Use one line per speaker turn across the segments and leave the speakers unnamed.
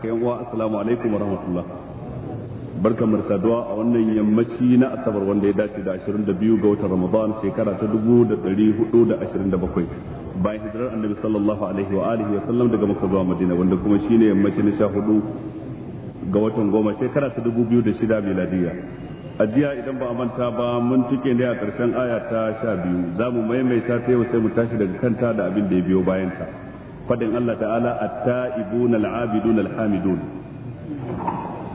haka yan uwa assalamu alaikum wa barka mu saduwa a wannan yammaci na asabar wanda ya dace da 22 ga watan ramadan shekara ta 1427 bayan hijirar annabi sallallahu alaihi wa alihi wa sallam daga makka zuwa madina wanda kuma shine yammaci na 14 ga watan goma shekara ta 2006 miladiyya a jiya idan ba a manta ba mun cike ne a ƙarshen aya ta 12 za mu maimaita ta yau sai mu tashi daga kanta da abin da ya biyo bayanta فدن الله تعالى التائبون العابدون الحامدون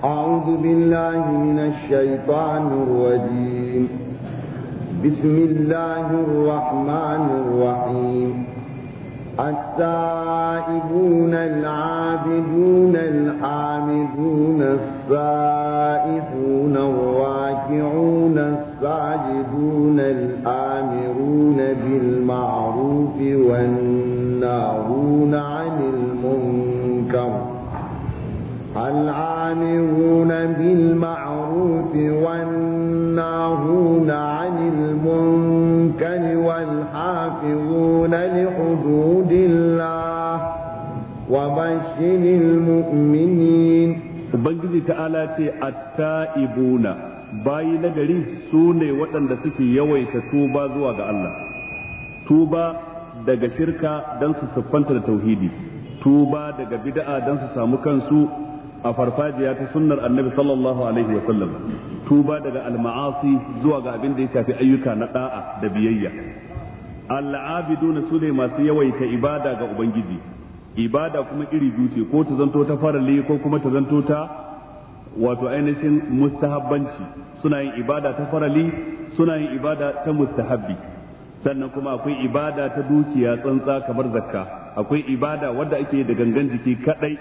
أعوذ بالله من الشيطان الرجيم بسم الله الرحمن الرحيم التائبون العابدون الحامدون السائحون الراكعون الساجدون الآمرون بالمعروف والنهي والعامرون بالمعروف والناهون عن المنكر والحافظون لحدود الله وبشر المؤمنين Ubangiji ta'ala ce atta'ibuna bayi
nagari su ne waɗanda suke yawaita tuba zuwa ga Allah tuba daga shirka don su siffanta da tauhidi tuba daga bid'a don su samu kansu a farfajiya ta sunnar annabi sallallahu alaihi wa sallam tuba daga alma'asi zuwa ga abin da ya shafi ayyuka na da'a da biyayya al-abiduna su ne masu yawaita ibada ga ubangiji ibada kuma iri biyu ce ko ta zanto ta farali ko kuma ta zanto ta wato ainihin mustahabbanci suna yin ibada ta farali suna yin ibada ta mustahabbi sannan kuma akwai ibada ta dukiya tsantsa kamar zakka akwai ibada wadda ake da gangan jiki kadai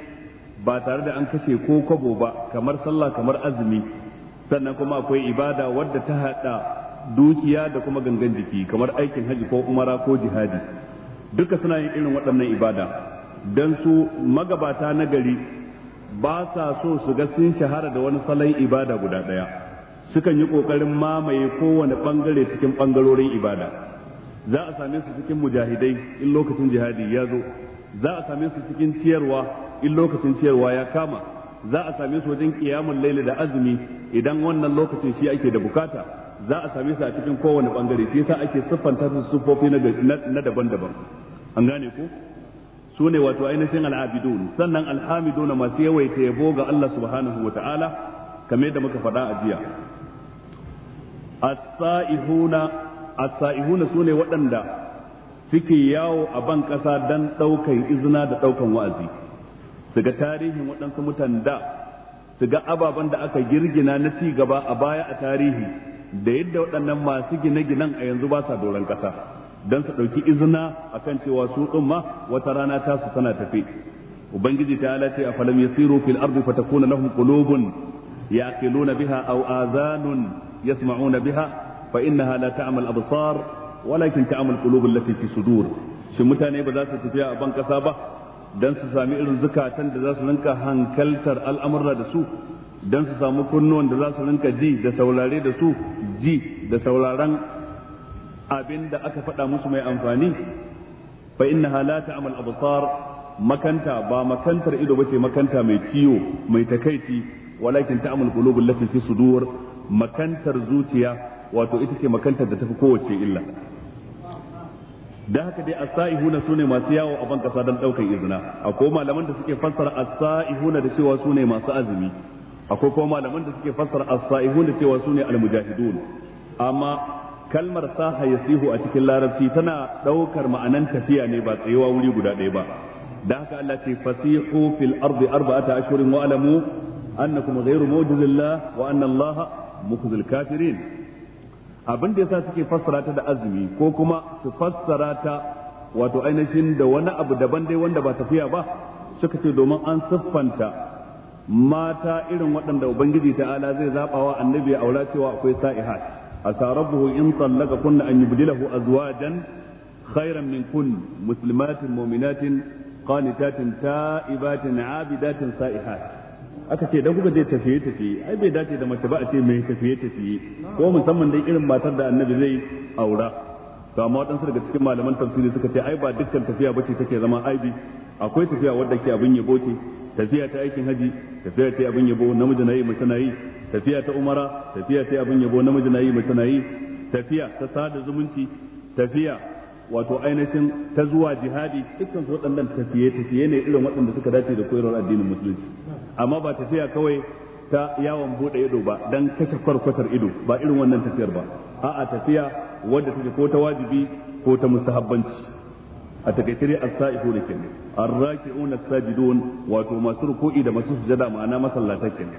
ba tare da an kashe ko kwabo ba kamar sallah kamar azumi sannan kuma akwai ibada wadda ta haɗa dukiya da kuma gangan jiki kamar aikin haji ko umara ko jihadi duka suna yin irin waɗannan ibada don su magabata na gari ba sa so su ga sun shahara da wani salon ibada guda ɗaya sukan yi ƙoƙarin mamaye kowane ɓangare cikin ɓangarorin ibada za a same su cikin mujahidai in lokacin jihadi ya zo za a same su cikin ciyarwa in lokacin ciyarwa ya kama za a same su wajen kiyamun laili da azumi idan wannan lokacin shi ake da bukata za a same su a cikin kowane bangare shi yasa ake siffanta su sufofi na daban-daban an gane ko su ne wato ainihin al'abidun sannan alhamidun masu yawaita yabo ga Allah subhanahu wa ta'ala kamar da muka faɗa a jiya as-sa'ihuna as-sa'ihuna sune waɗanda suke yawo a ban ƙasa don ɗaukan izina da ɗaukan wa'azi su ga tarihin waɗansu mutan da su ga ababen da aka girgina na ci gaba a baya a tarihi da yadda waɗannan masu gine-ginen a yanzu ba sa doron ƙasa don su ɗauki izina a kan cewa su ɗin ma wata rana ta su tana tafi ubangiji ta ala ce a falam yasiru fil ardi fatakuna lahum qulubun yaqiluna biha aw azanun yasma'una biha fa innaha la ta'mal absar walakin ta'mal qulubul lati fi sudur shin mutane ba za su tafiya a ban ƙasa ba dan su sami irin zukatan da za su rinka hankaltar al'amurra da su dan su samu kunnuwan da za su rinka ji da saurare da su ji da sauraron abin da aka faɗa musu mai amfani fa innaha la ta'mal absar makanta ba makantar ido bace makanta mai ciwo mai takaici walakin ta'mal qulubul lati fi sudur makantar zuciya wato ita ce makantar da tafi kowace illa da haka dai as-sa'ihuna sune masu yawo a ban kasa dan daukan izina akwai malaman da suke fassara as-sa'ihuna da cewa sune masu azumi akwai kuma malaman da suke fassara as-sa'ihuna cewa sune al-mujahidun amma kalmar saha yasihu a cikin larabci tana daukar ma'anan tafiya ne ba tsayuwa wuri guda ɗaya ba da haka Allah ce fasihu fil ardi arba'ata ashhurin wa alamu annakum ghayru mujizillah wa anna Allah mukhzil kafirin abin da yasa suke fassara ta da azumi ko kuma su fassara ta wato ainihin da wani abu daban dai wanda ba tafiya ba suka ce domin an siffanta mata irin waɗanda ubangiji ta'ala zai zabawa annabi ya aura cewa akwai sa'ihat asa rabbuhu in tallaka kunna an yubdilahu azwajan khairan min kun muslimatin mu'minatin qanitatin ta'ibatin abidatin sa'ihat aka ce dan kuka je tafiye tafiye ai bai dace da mace ba a ce mai tafiye tafiye ko musamman dai irin matar da annabi zai aura to amma waɗansu daga cikin malaman tafsiri suka ce ai ba dukkan tafiya bace take zama aibi akwai tafiya wadda ke abin yabo ce tafiya ta aikin haji tafiya ta abin yabo namiji na yi mace nayi tafiya ta umara tafiya ta abin yabo namiji na yi mace nayi tafiya ta sada zumunci tafiya wato ainihin ta zuwa jihadi dukkan su waɗannan tafiye tafiye ne irin waɗanda suka dace da koyarwar addinin musulunci amma ba tafiya kawai ta yawon bude ido ba dan kashe kwarkwatar ido ba irin wannan tafiyar ba a'a tafiya wadda take ko ta wajibi ko ta mustahabbanci a takaice dai as da kenan ar-raki'un as-sajidun wato masu ruku'i da masu sujada ma'ana masallata kenan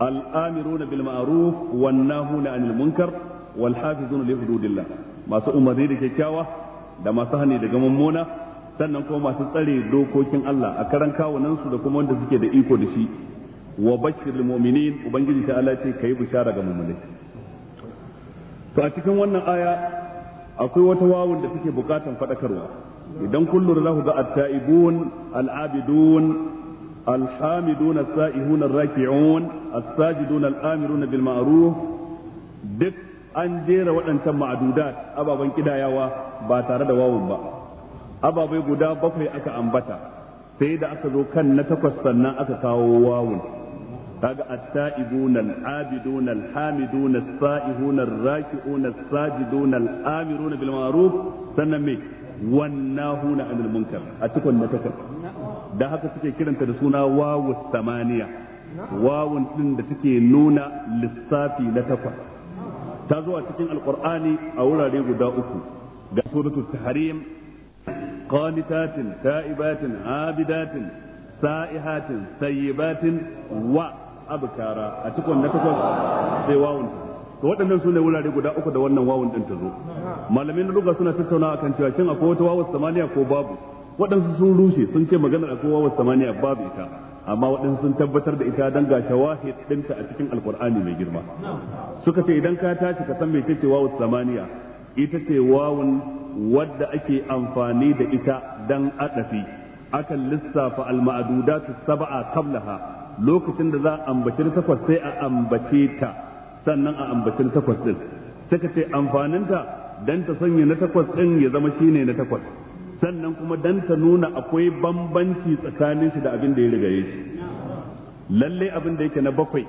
al-amiruna bil ma'ruf wan nahuna 'anil munkar wal hafizuna li hududillah masu umarni da kyakkyawa da masu hani daga mummuna sannan kuma masu tsare dokokin Allah a karan kawunan su da kuma wanda suke da iko da shi wa bashir mu'minin ubangiji ta Allah ce kai bishara ga mu'minai to a cikin wannan aya akwai wata wawun da suke bukatan fadakarwa idan kullu lahu da ga at-ta'ibun al-abidun الحامدون السائحون الراكعون الساجدون الآمرون بالمعروف duk an jera waɗancan ma'adudat ababen kidayawa ba tare da wawun ba ababai guda bakwai aka ambata sai da aka zo kan na takwas sannan aka kawo wawun kaga at-ta'ibun al-abidun al-hamidun as-sa'ihun ar-raki'un as-sajidun al-amirun bil ma'ruf sannan me wannahuna 'anil munkar a tukun na takwas da haka suke kiranta da suna wawu samaniya wawun din da take nuna lissafi na takwas ta zo a cikin alqur'ani a wurare guda uku ga suratul tahrim قانتات تائبات عابدات سائحات سيبات وأبكارا أتكون نكتب سيواون to waɗannan su ne wurare guda uku da wannan wawun ɗin ta zo malamin ruga suna tattaunawa kan cewa shin akwai wata wawar samaniya ko babu waɗansu sun rushe sun ce maganar akwai wawar samaniya babu ita amma waɗansu sun tabbatar da ita don ga shawahid ɗinta a cikin alkur'ani mai girma suka ce idan ka tashi ka san mai ce wawun samaniya ita ce wawun wadda ake amfani da ita dan adafi akan lissafa alma'adudatu sab'a qablaha lokacin da za a ambaci takwas sai a ambace ta sannan a ambaci takwas din suka ce amfaninta dan ta sanya na takwas din ya zama shine na takwas sannan kuma dan ta nuna akwai bambanci tsakanin shi da abin da ya rigaye shi lalle abin da yake na bakwai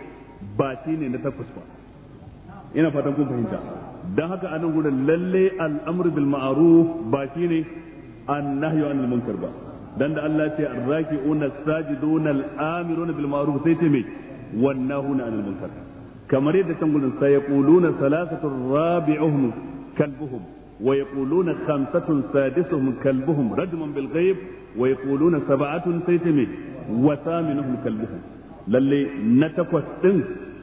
ba shine na takwas ba ina fatan kun fahimta Don haka a nan gurin lalle al'amr bil ma'ruf ne an annahyu anil munkar ba don da Allah ce arraki'una sajiduna al'amiruna bil ma'ruf sai ce Wannan wannahuna anil munkar kamar yadda can gurin sai yaquluna salasatu rabi'uhum kalbuhum wa ya kulu yaquluna khamsatun sadisuhum kalbuhum rajman bil ghaib wa yaquluna sab'atun sai ce me wa thaminuhum kalbuhum lalle na takwas din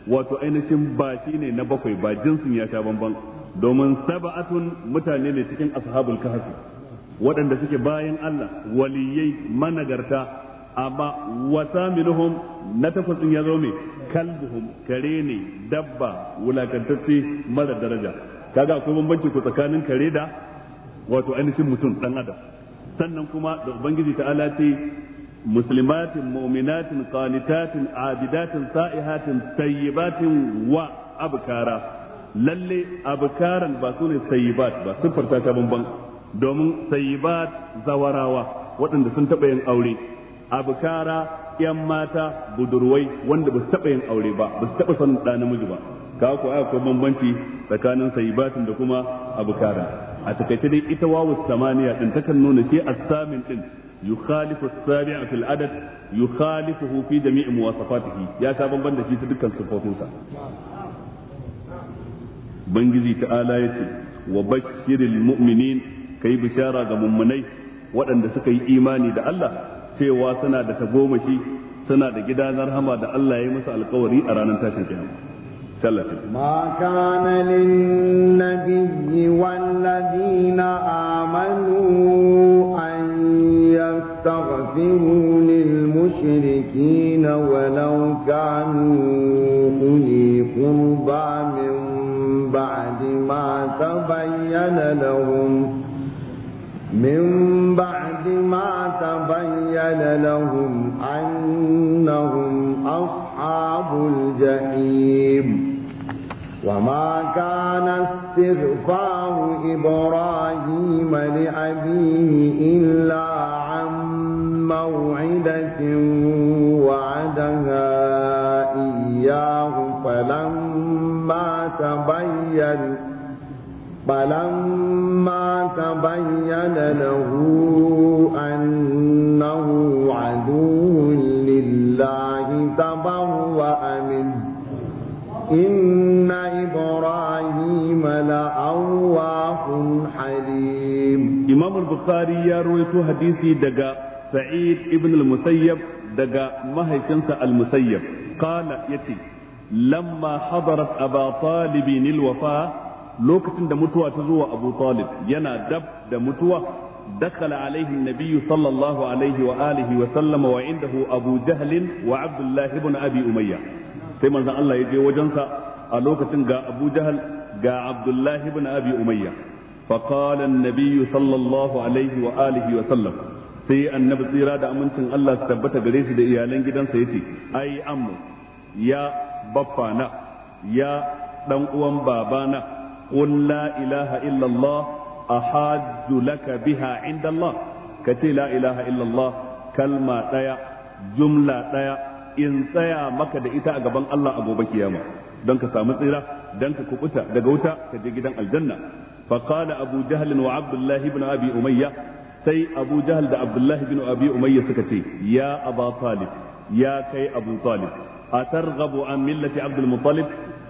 wato ainihin ba shi ne na bakwai ba jinsin ya sha bambam. domin saba'atun mutane ne cikin ashabul kahfi waɗanda suke bayan Allah waliyai managarta amma wasaminuhum na takwasin ya zo mai kalbuhum kare ne dabba wulakantacce mara daraja kaga akwai bambanci ku tsakanin kare da wato ainihin mutum dan adam sannan kuma da ubangiji ta'ala ce muslimatin mu'minatin qanitatin abidatin sa'ihatin tayyibatin wa abkara lalle abkaran ba su ne sayibat ba siffar ta ta bamban domin sayibat zawarawa waɗanda sun taɓa yin aure abkara yan mata budurwai wanda ba su taɓa yin aure ba ba su taɓa son ɗa namiji ba ga ko ai akwai bambanci tsakanin sayibatin da kuma abkara a takaice dai ita wawu samaniya din takan nuna shi as-samin din يخالف السابع في العدد يخالفه في جميع ya يا سابن بند ta dukkan sifofinsa ubangiji ta'ala yace wa bashiril mu'minin kai bishara ga mummunai waɗanda suka yi imani da Allah cewa suna da tagomashi suna da gidan rahama da Allah ya yi musu alkawari a ranar tashin kiyama sallallahu alaihi
ma kana lin nabiyyi wal ladina amanu an yastaghfiru lil للمشركين كان لهم من بعد ما تبين لهم أنهم أصحاب الجحيم وما كان استغفار إبراهيم لأبيه إلا عن موعدة وعدها إياه فلما تبين فلما تبين له أنه عدو لله تبوأ منه إن إبراهيم لأواه حليم إمام البخاري
يروي حديثي دقا سعيد ابن المسيب دقا مهيكنس المسيب قال يتي لما حضرت أبا طالب الوفاة lokacin da mutuwa ta zuwa Abu Talib yana dab da mutuwa دخل عليه النبي صلى الله عليه وآله وسلم وعنده abu جهل wa الله بن Abi-Umayya. sai manzon Allah ya je sa a lokacin ga Abu Jahal ga Abdullah ibn Abi Umayya fa qala an-nabiy sallallahu alaihi wa alihi wa sallam sai annabi tsira da amincin Allah su tabbata gare shi da iyalan gidansa yace ai ammu ya baffana ya dan uwan babana qul la ilaha illa Allah ahaddu laka biha inda kace la ilaha illa kalma daya jumla daya in tsaya maka da ita a gaban Allah a gobe kiyama don ka samu tsira don ka kubuta daga wuta ka je gidan aljanna fa qala wa abdullah ibn umayya sai abu da abdullah ibn abi umayya suka ce ya aba ya kai abu talib atarghabu an millati abdul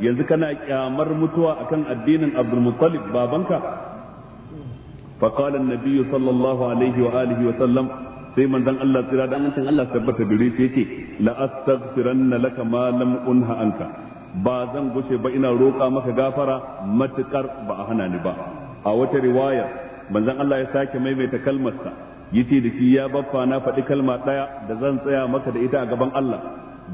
yanzu kana kyamar mutuwa a kan addinin Abdul Muttalib babanka fa Nabiyyu sallallahu alaihi wa alihi wa sallam sai manzon Allah tsira da amincin Allah tabbata gare shi yake la astaghfiranna laka ma lam unha anka ba zan gushe ba ina roƙa maka gafara matukar ba a hana ni ba a wata riwaya manzon Allah ya sake maimaita kalmarsa yace da shi ya baffa na faɗi kalma ɗaya da zan tsaya maka da ita a gaban Allah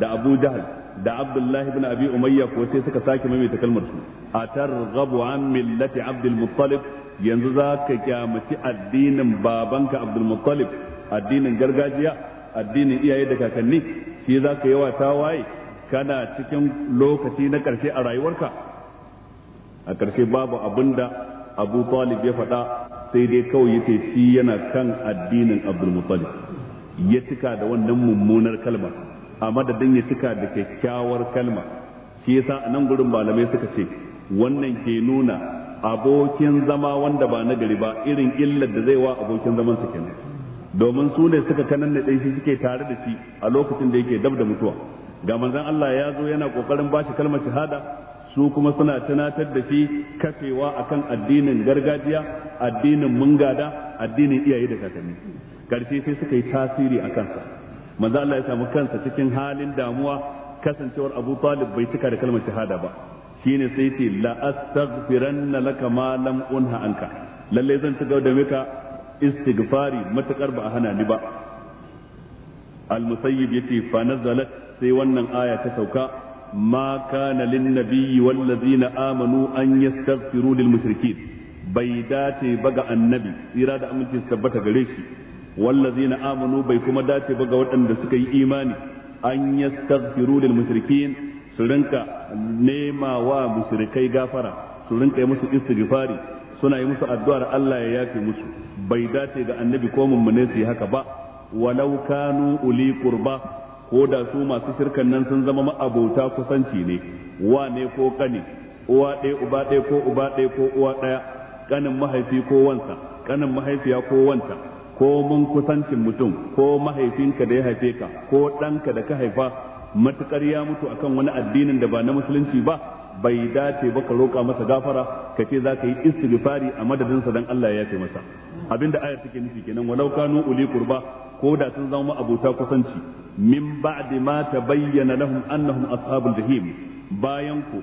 da Abu Jahal da Abdullahi bin Abi Umayya ko sai suka sake ta kalmar su atarghabu an millati Abdul Muttalib yanzu za ka kyamaci addinin babanka Abdul Muttalib addinin gargajiya addinin iyaye da kakanni shi za ka yawa waye kana cikin lokaci na ƙarshe a rayuwarka a ƙarshe babu abin da Abu Talib ya faɗa sai dai kawai yace shi yana kan addinin Abdul Muttalib ya cika da wannan mummunar kalmar a madadin ya cika da kyakkyawar kalma shi yasa a nan gurin malamai suka ce wannan ke nuna abokin zama wanda ba na gari ba irin illar da zai wa abokin zaman su kenan domin su ne suka kanan da shi suke tare da shi a lokacin da yake dab da mutuwa ga manzon Allah ya zo yana kokarin bashi kalmar shahada su kuma suna tunatar da shi kafewa akan addinin gargajiya addinin mungada addinin iyaye da kakanni karshe sai suka yi tasiri a kansa manzo Allah ya samu kansa cikin halin damuwa kasancewar Abu Talib bai cika da kalmar shahada ba shine sai ce la astaghfiranna laka ma lam unha anka lalle zan ci da maka istighfari matakar ba a hana ni ba al-musayyib yace fa nazalat sai wannan aya ta sauka ma kana lin nabiyyi wal ladzina amanu an yastaghfiru lil mushrikeen bai dace ba ga annabi tsira da aminci tabbata gare shi wallazina amanu bai kuma dace ba ga waɗanda suka yi imani an yastaghfiru lil mushrikin su nema wa mushrikai gafara su rinka yi musu istighfari suna yi musu addu'ar Allah ya yafe musu bai dace ga annabi ko mummune su yi haka ba walau kanu uli qurba ko da su masu shirkan nan sun zama ma'abota kusanci ne wa ne ko kane uwa ɗaya uba ɗaya ko uba ɗaya ko uwa ɗaya kanin mahaifi ko wansa kanin mahaifiya ko wanta ko mun kusancin mutum ko mahaifinka da ya haife ka ko ɗanka da ka haifa matukar ya mutu akan wani addinin da ba na musulunci ba bai dace ba ka roƙa masa gafara ka ce za ka yi istighfari a madadinsa dan Allah ya yafe masa abinda ayar take nufi kenan walau kanu uli qurba ko da sun zama abota kusanci min ba'di ma tabayyana lahum annahum ashabul jahim bayan ku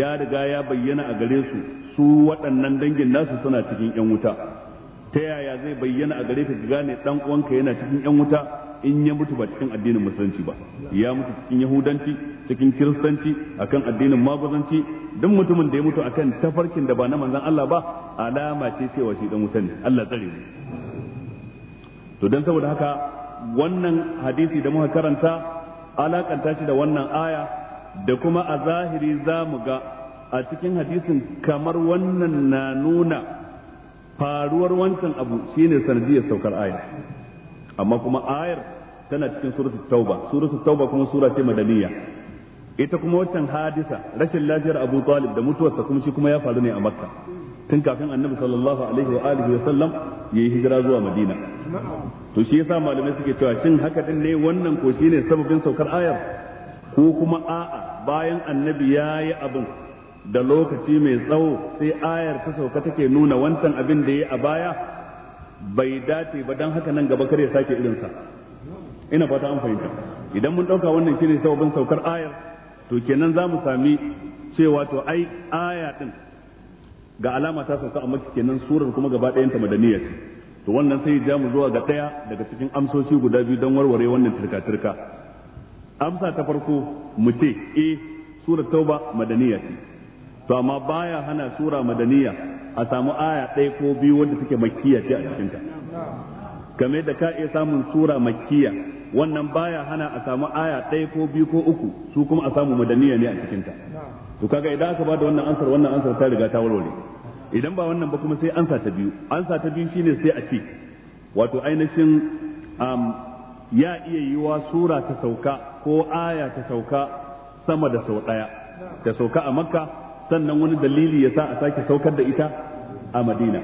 ya riga ya bayyana a gare su su waɗannan dangin nasu suna cikin yan wuta ta yaya zai bayyana a gare ka ka gane dan uwanka yana cikin yan wuta in ya mutu ba cikin addinin musulunci ba ya mutu cikin yahudanci cikin kiristanci akan addinin maguzanci duk mutumin da ya mutu akan tafarkin da ba na manzon Allah ba alama ce cewa shi dan wuta ne Allah tsare mu to dan saboda haka wannan hadisi da muka karanta alakanta shi da wannan aya da kuma a zahiri za mu ga a cikin hadisin kamar wannan na nuna faruwar wancan abu shine sanadiyar saukar ayar amma kuma ayar tana cikin suratul tauba suratul tauba kuma sura ce madaniya ita kuma wancan hadisa rashin lafiyar Abu Talib da mutuwarsa kuma shi kuma ya faru ne a Makka tun kafin Annabi sallallahu alaihi wa alihi wa sallam yayi hijira zuwa Madina to shi yasa malamai suke cewa shin haka din ne wannan ko shine sababin saukar ayar ko kuma a'a bayan Annabi yayi abin da lokaci mai tsawo sai ayar ta sauka take nuna wancan abin da ya a baya bai dace ba don haka nan gaba kare sake irinsa ina fata an fahimta idan mun ɗauka wannan shine sababin saukar ayar to kenan za mu sami cewa to ai aya din ga alama ta sauka a maki kenan surar kuma gaba ɗayanta madaniya ce to wannan sai ya mu zuwa ga ɗaya daga cikin amsoshi guda biyu don warware wannan turka-turka amsa ta farko mu ce eh surar tauba madaniya ce to amma baya hana sura madaniya a samu aya ɗaya ko biyu wanda take makkiya ce a cikinta game da ka iya samun sura makkiya wannan baya hana a samu aya ɗaya ko biyu ko uku su kuma a samu madaniya ne a cikinta to kaga idan aka bada wannan ansar wannan ansar ta riga ta warware idan ba wannan ba kuma sai ansa ta biyu ansa ta biyu shine sai a ce wato ainihin ya iya yiwa sura ta sauka ko aya ta sauka sama da sau ɗaya ta sauka a makka sannan wani dalili ya sa a sake saukar da ita a madina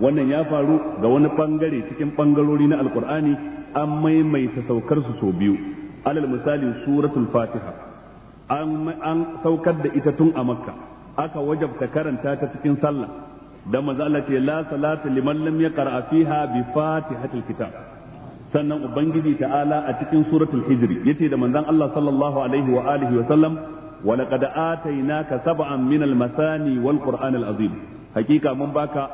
wannan ya faru ga wani bangare cikin bangarori na alkur'ani an maimaita saukar su sau biyu alal misali suratul fatiha an saukar da ita tun a makka aka wajabta karanta ta cikin sallah da manzo Allah ce la salata liman lam yaqra fiha bi fatihatil kitab sannan ubangiji ta'ala a cikin suratul hijri yace da manzon Allah sallallahu alaihi wa alihi wa sallam ولقد آتيناك سبعا من المثاني والقرآن العظيم حقيقة من باكا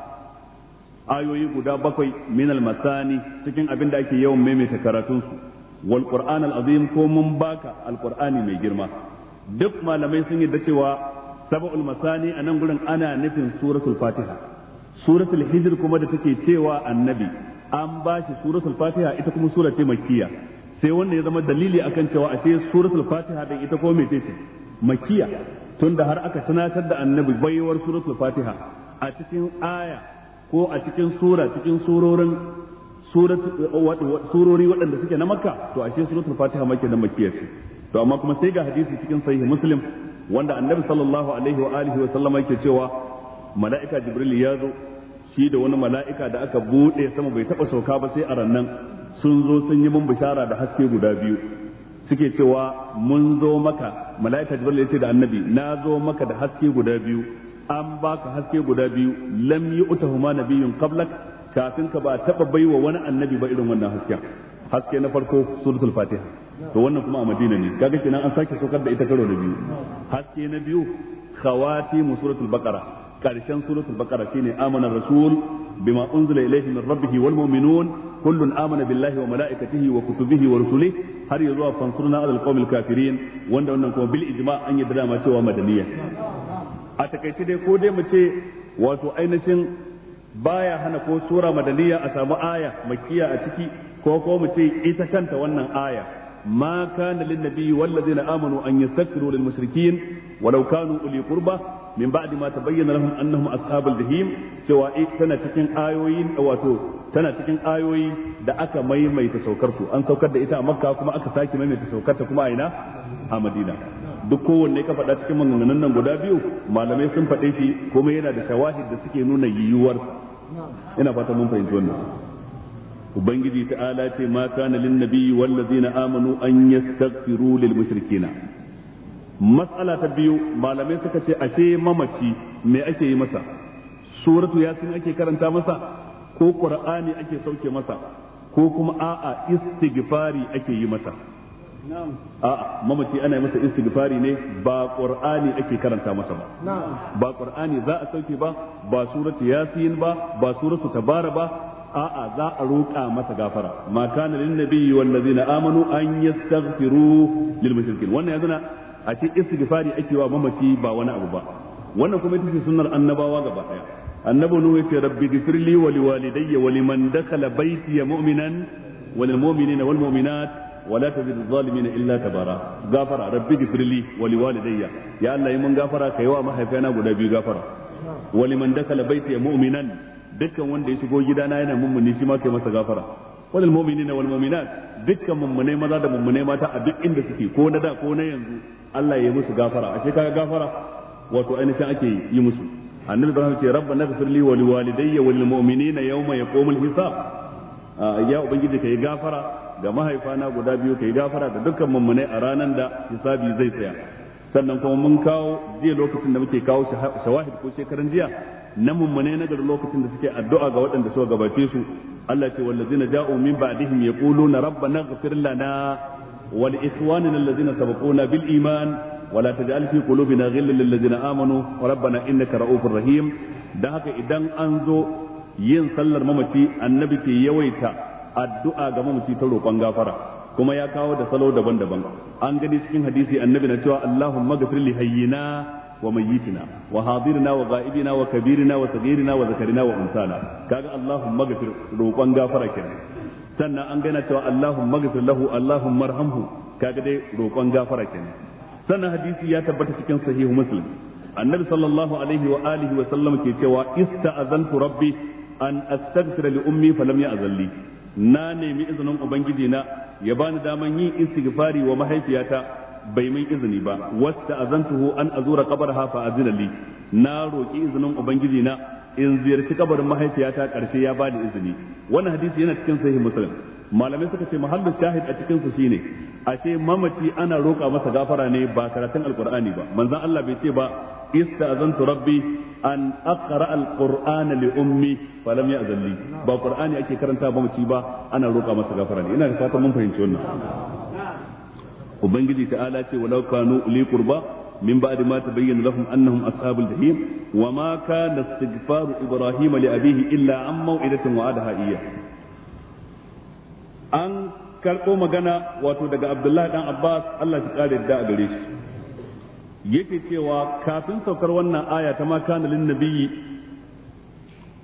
ayoyi guda bakwai min almasani cikin abin da ake yawan maimaita karatunsu wal qur'an azim ko mun baka alqur'ani mai girma duk malamai sun yi dacewa sab'ul masani a nan gurin ana nufin suratul fatiha suratul hijr kuma da take cewa annabi an bashi shi suratul fatiha ita kuma sura ce sai wanda ya zama dalili akan cewa ashe suratul fatiha da ita ko mece ce makiya tunda har aka tunatar da annabi baiwar suratul fatiha a cikin aya ko a cikin sura cikin surorin surori waɗanda suke na makka to ashe suratul fatiha makke na makiya ce to amma kuma sai ga hadisi cikin sahih muslim wanda annabi sallallahu alaihi wa alihi wa sallama yake cewa mala'ika jibril ya zo shi da wani mala'ika da aka bude sama bai taba sauka ba sai a rannan sun zo sun yi mun bishara da haske guda biyu suke cewa mun zo maka mala'ika jibril ya ce da annabi na zo maka da haske guda biyu an baka haske guda biyu lam yu'tahuma nabiyyun qablak kafin ka ba taba baiwa wani annabi ba irin wannan haske. haske na farko suratul fatiha to wannan kuma a madina ne kaga kenan an sake saukar da ita karo da biyu haske na biyu khawatimu suratul baqara karshen suratul baqara shine amana rasul bima unzila ilayhi min rabbih wal mu'minun kullun amana billahi wa malaikatihi wa kutubihi wa rusulihi har ya a fansurna ala alqawmil kafirin wanda wannan kuma bil a an yadda dama cewa madaniya a takaice dai ko dai mu ce wato ainihin baya hana ko sura madaniya a samu aya makkiya a ciki ko ko mu ce ita kanta wannan aya ma kana lin nabiyyi wal ladina amanu an yastaghfiru lil mushrikeen walau kanu uli qurba min ba'di ma tabayyana lahum annahum ashabul jahim cewa eh, tana cikin ayoyin wato tana cikin ayoyi da aka maimaita saukar su an saukar da ita a makka kuma aka sake maimaita saukar ta kuma a ina a madina duk kowanne ka faɗa cikin maganganun nan guda biyu malamai sun faɗe shi kuma yana da shawahid da suke nuna yiwuwar ina fata mun fahimci wannan ubangiji ta'ala ce ma kana lin nabiyyi wal ladina amanu an yastaghfiru lil mushrikina matsala ta biyu malamai suka ce ashe mamaci me ake yi masa suratu yasin ake karanta masa ko qur'ani ake sauke masa ko kuma a'a istighfari ake yi masa a'a mamaci ana yi masa istighfari ne ba qur'ani ake karanta masa ba ba qur'ani za a sauke ba ba suratu yasin ba ba suratu tabara ba a'a za a roƙa masa gafara ma kana lin nabiyyi wal ladina amanu an yastaghfiru lil mushrikin wannan yana a ce istighfari ake wa mamaci ba wani abu ba wannan kuma ita ce sunnar annabawa gaba daya annabi nuhu yace rabbi ghfirli wa liwalidayya wa liman dakhala baytiya mu'minan wa lil mu'minina wal mu'minat ولا تزد الظالمين الا تبارا غفر ربي اغفر لي ولوالدي يا mun من غفر كيوا ما هيفانا غدا بي غفر ولمن دخل بيتي مؤمنا dukkan wanda ya shigo gidana yana mummuni shi ma kai masa gafara walil mu'minina wal mu'minat dukkan mummunai maza da mummunai mata a duk inda suke ko na da ko na yanzu Allah ya yi musu gafara a ce kaga gafara wato ainihin ake yi musu annabi ibrahim ce rabbana ighfir li wa liwalidayya wal mu'minina yawma yaqumul hisab ya ubangiji kai gafara ga mahaifana guda biyu kai gafara da dukkan mummunai a ranar da hisabi zai tsaya sannan kuma mun kawo jiya lokacin da muke kawo shawahid ko shekaran jiya na mummune na gari lokacin da suke addu'a ga waɗanda suka gabace su Allah ce wallazina ja'u min ba'dihim yaquluna rabbana ighfir lana ولإخواننا الذين سبقونا بالإيمان ولا تجعل في قلوبنا غلا للذين آمنوا ربنا إنك رؤوف رحيم da haka idan an zo yin sallar mamaci annabi ke yawaita addu'a ga mamaci ta roƙon gafara kuma ya kawo da salo daban-daban an gani cikin hadisi annabi na cewa Allahumma ghafir li hayyina wa mayyitina wa hadirina wa ga'ibina wa kabirina wa sagirina wa zakarina wa unsana kaga Allahumma ghafir roƙon gafara kenan sannan an gana cewa Allahu maghfir lahu Allahumma arhamhu kaga dai roƙon gafara kenan sannan hadisi ya tabbata cikin sahihu muslim annabi sallallahu alaihi wa alihi wa sallam ke cewa ista'azantu rabbi an astaghfira li ummi falam ya'zalli na nemi izinin ubangiji na ya bani daman yin istighfari wa mahaifiyata bai min izini ba wasta azantuhu an azura qabraha fa azina li na roki izinin ubangiji na in ziyarci kabarin mahaifiyata karshe ya bani izini wannan hadisi yana cikin sahih muslim malamai suka ce mahallin shahid a cikin su shine ashe mamaci ana roƙa masa gafara ne ba karatun alqur'ani ba manzon Allah bai ce ba istazantu rabbi an aqra alqur'ana li ummi falam ya'zan li ba qur'ani ake karanta mamaci ba ana roƙa masa gafara ne ina da fatan mun fahimci wannan ubangiji ta'ala ce walau kanu li qurba من بعد ما تبين لهم أنهم أصحاب الجحيم وما كان استغفار إبراهيم لأبيه إلا عن موعدة وعدها إياه أن karɓo magana wato daga Abdullahi dan Abbas Allah shi kare da a gare shi yake cewa kafin saukar wannan aya ta ma kana lin nabiyyi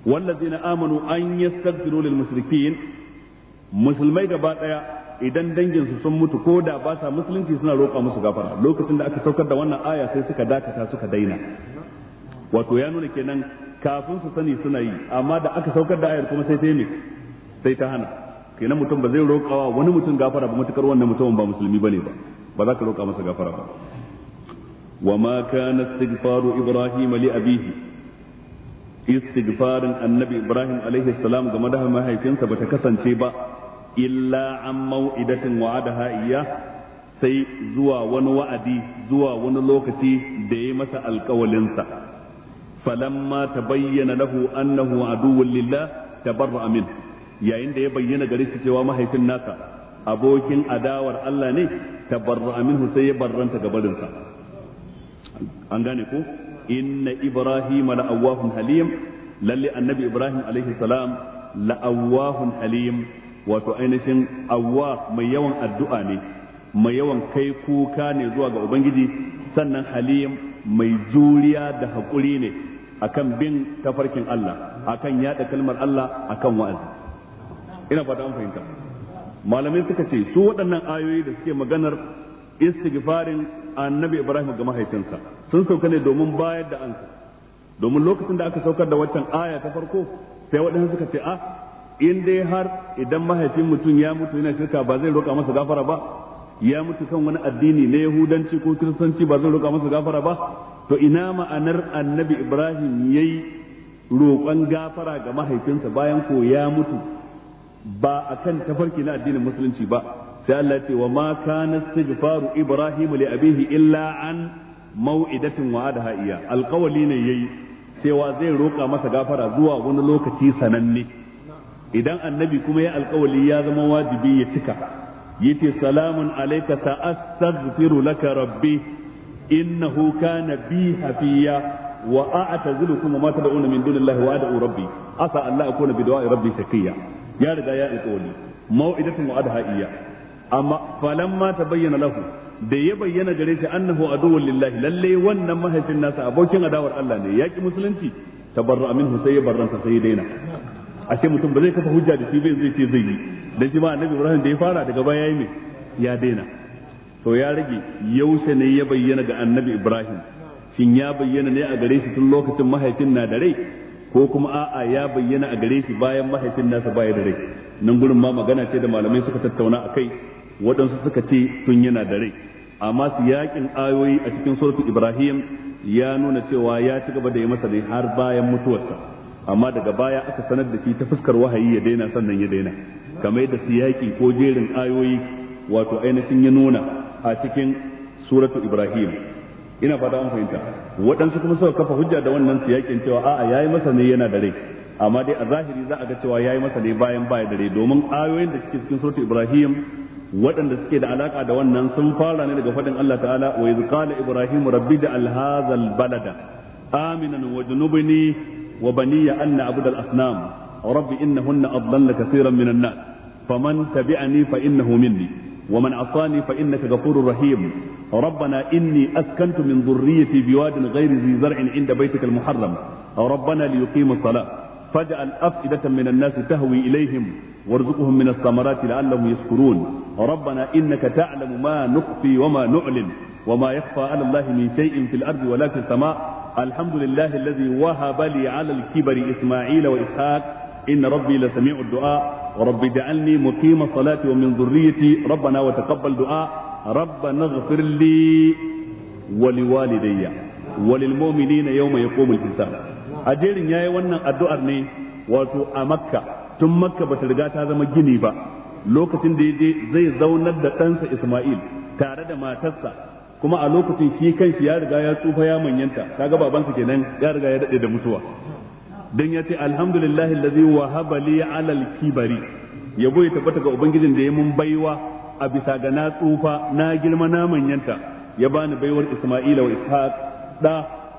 wallazina amanu an yastaghfiru lil mushrikeen musulmai gaba ɗaya. idan danginsu sun mutu ko da ba sa musulunci suna roƙa musu gafara lokacin da aka saukar da wannan aya sai suka dakata suka daina wato ya nuna kenan kafin su sani suna yi amma da aka saukar da ayar kuma sai sai me sai ta hana kenan mutum ba zai roƙawa wani mutum gafara ba matukar wannan mutumin ba musulmi bane ba ba za ka roƙa masa gafara ba وما كان استغفار إبراهيم لأبيه استغفار النبي إبراهيم عليه السلام كما ده ما هي كنسة بتكسن ba. illa an mau'idatin wa'adaha iya sai zuwa wani wa'adi zuwa wani lokaci da ya masa alkawalinsa falamma bayyana lahu annahu aduwwun lillah tabarra min yayin da ya bayyana gare shi cewa mahaifin nasa abokin adawar Allah ne tabarra minhu sai ya barranta gabarinsa an gane ko inna ibrahima Awahun halim lalle annabi ibrahim alaihi salam Awahun halim wato ainihin awwa mai yawan addu'a ne mai yawan kai kuka ne zuwa ga ubangiji sannan halim mai juriya da haƙuri ne akan bin tafarkin Allah akan yada kalmar Allah akan wa'azi ina fata an fahimta malamai suka ce su waɗannan ayoyi da suke maganar istighfarin annabi Ibrahim ga mahaifinsa sun sauka ne domin bayar da ansa domin lokacin da aka saukar da waccan aya ta farko sai waɗansu suka ce a ah, in dai har idan mahaifin mutum ya mutu yana shirka ba zai roƙa masa gafara ba ya mutu kan wani addini na yahudanci ko kiristanci ba zai roƙa masa gafara ba to ina ma'anar annabi ibrahim ya yi roƙon gafara ga mahaifinsa bayan ko ya mutu ba a kan tafarki na addinin musulunci ba sai Allah ce wa ma kana istighfaru ibrahim li abihi illa an mau'idatin wa'adaha iya alqawli ne yayi cewa zai roƙa masa gafara zuwa wani lokaci sananne idan annabi kuma ya alkawali ya zama wajibi ya cika yace salamun alayka sa'astaghfiru laka rabbi innahu kana bi hafiya wa a'tazilukum ma tad'un min dunillahi wa ad'u rabbi asa alla akuna bi du'a rabbi shaqiya ya riga ya alkawali mau'idatu wa adha amma falamma tabayyana lahu da ya bayyana gare shi annahu aduwwul lillahi lalle wannan mahaifin nasa abokin adawar Allah ne yaki musulunci tabarra minhu sai ya barranta sai ya daina a ashe mutum ba zai kafa hujja da shi bai zai ce zai yi dan shi ma annabi Ibrahim da ya fara daga baya yayi me ya daina to ya rage yaushe ne ya bayyana ga annabi Ibrahim shin ya bayyana ne a gare shi tun lokacin mahaifin na da rai ko kuma a'a ya bayyana a gare shi bayan mahaifin nasa baya da rai nan gurin ma magana ce da malamai suka tattauna akai waɗansu suka ce tun yana da rai amma su yakin ayoyi a cikin suratul Ibrahim ya nuna cewa ya ci gaba da yi masa ne har bayan mutuwarsa amma daga baya aka sanar da shi ta fuskar wahayi ya daina sannan ya daina kamar yadda siyaki ko jerin ayoyi wato ainihin ya nuna a cikin suratu ibrahim ina fata an fahimta waɗansu kuma suka kafa hujja da wannan yakin cewa a'a ya yi masa ne yana da rai amma dai a zahiri za a ga cewa ya yi masa ne bayan baya da rai domin ayoyin da suke cikin suratu ibrahim waɗanda suke da alaka da wannan sun fara ne daga faɗin Allah ta'ala wa yi qala ibrahim rabbi da alhazal balada aminan wajnubni وبني أن أعبد الأصنام رب إنهن أضلن كثيرا من الناس فمن تبعني فإنه مني ومن عصاني فإنك غفور رحيم ربنا إني أسكنت من ذريتي بواد غير ذي زرع عند بيتك المحرم ربنا ليقيموا الصلاة فاجعل أفئدة من الناس تهوي إليهم وارزقهم من الثمرات لعلهم يشكرون ربنا إنك تعلم ما نخفي وما نعلن وما يخفى على الله من شيء في الأرض ولا في السماء الحمد لله الذي وهب لي على الكبر إسماعيل وإسحاق إن ربي لسميع الدعاء ورب اجعلني مقيم الصلاة ومن ذريتي ربنا وتقبل دعاء ربنا اغفر لي ولوالدي وللمؤمنين يوم يقوم الحساب أجيرن ياي wannan addu'ar ne wato a Makka tun Makka bata riga ta zama gini ba lokacin da yaje zai zaunar da ɗansa Isma'il tare da matarsa kuma a lokacin shi kanshi ya riga ya tsufa ya manyanta kaga babansa kenan ya riga ya dade da mutuwa dan yace alhamdulillahi allazi wahaba li ala al-kibari yabo ya tabbata ga ubangijin da ya mun baiwa a bisa ga na tsufa na girma na manyanta ya bani baiwar isma'ila wa ishaq da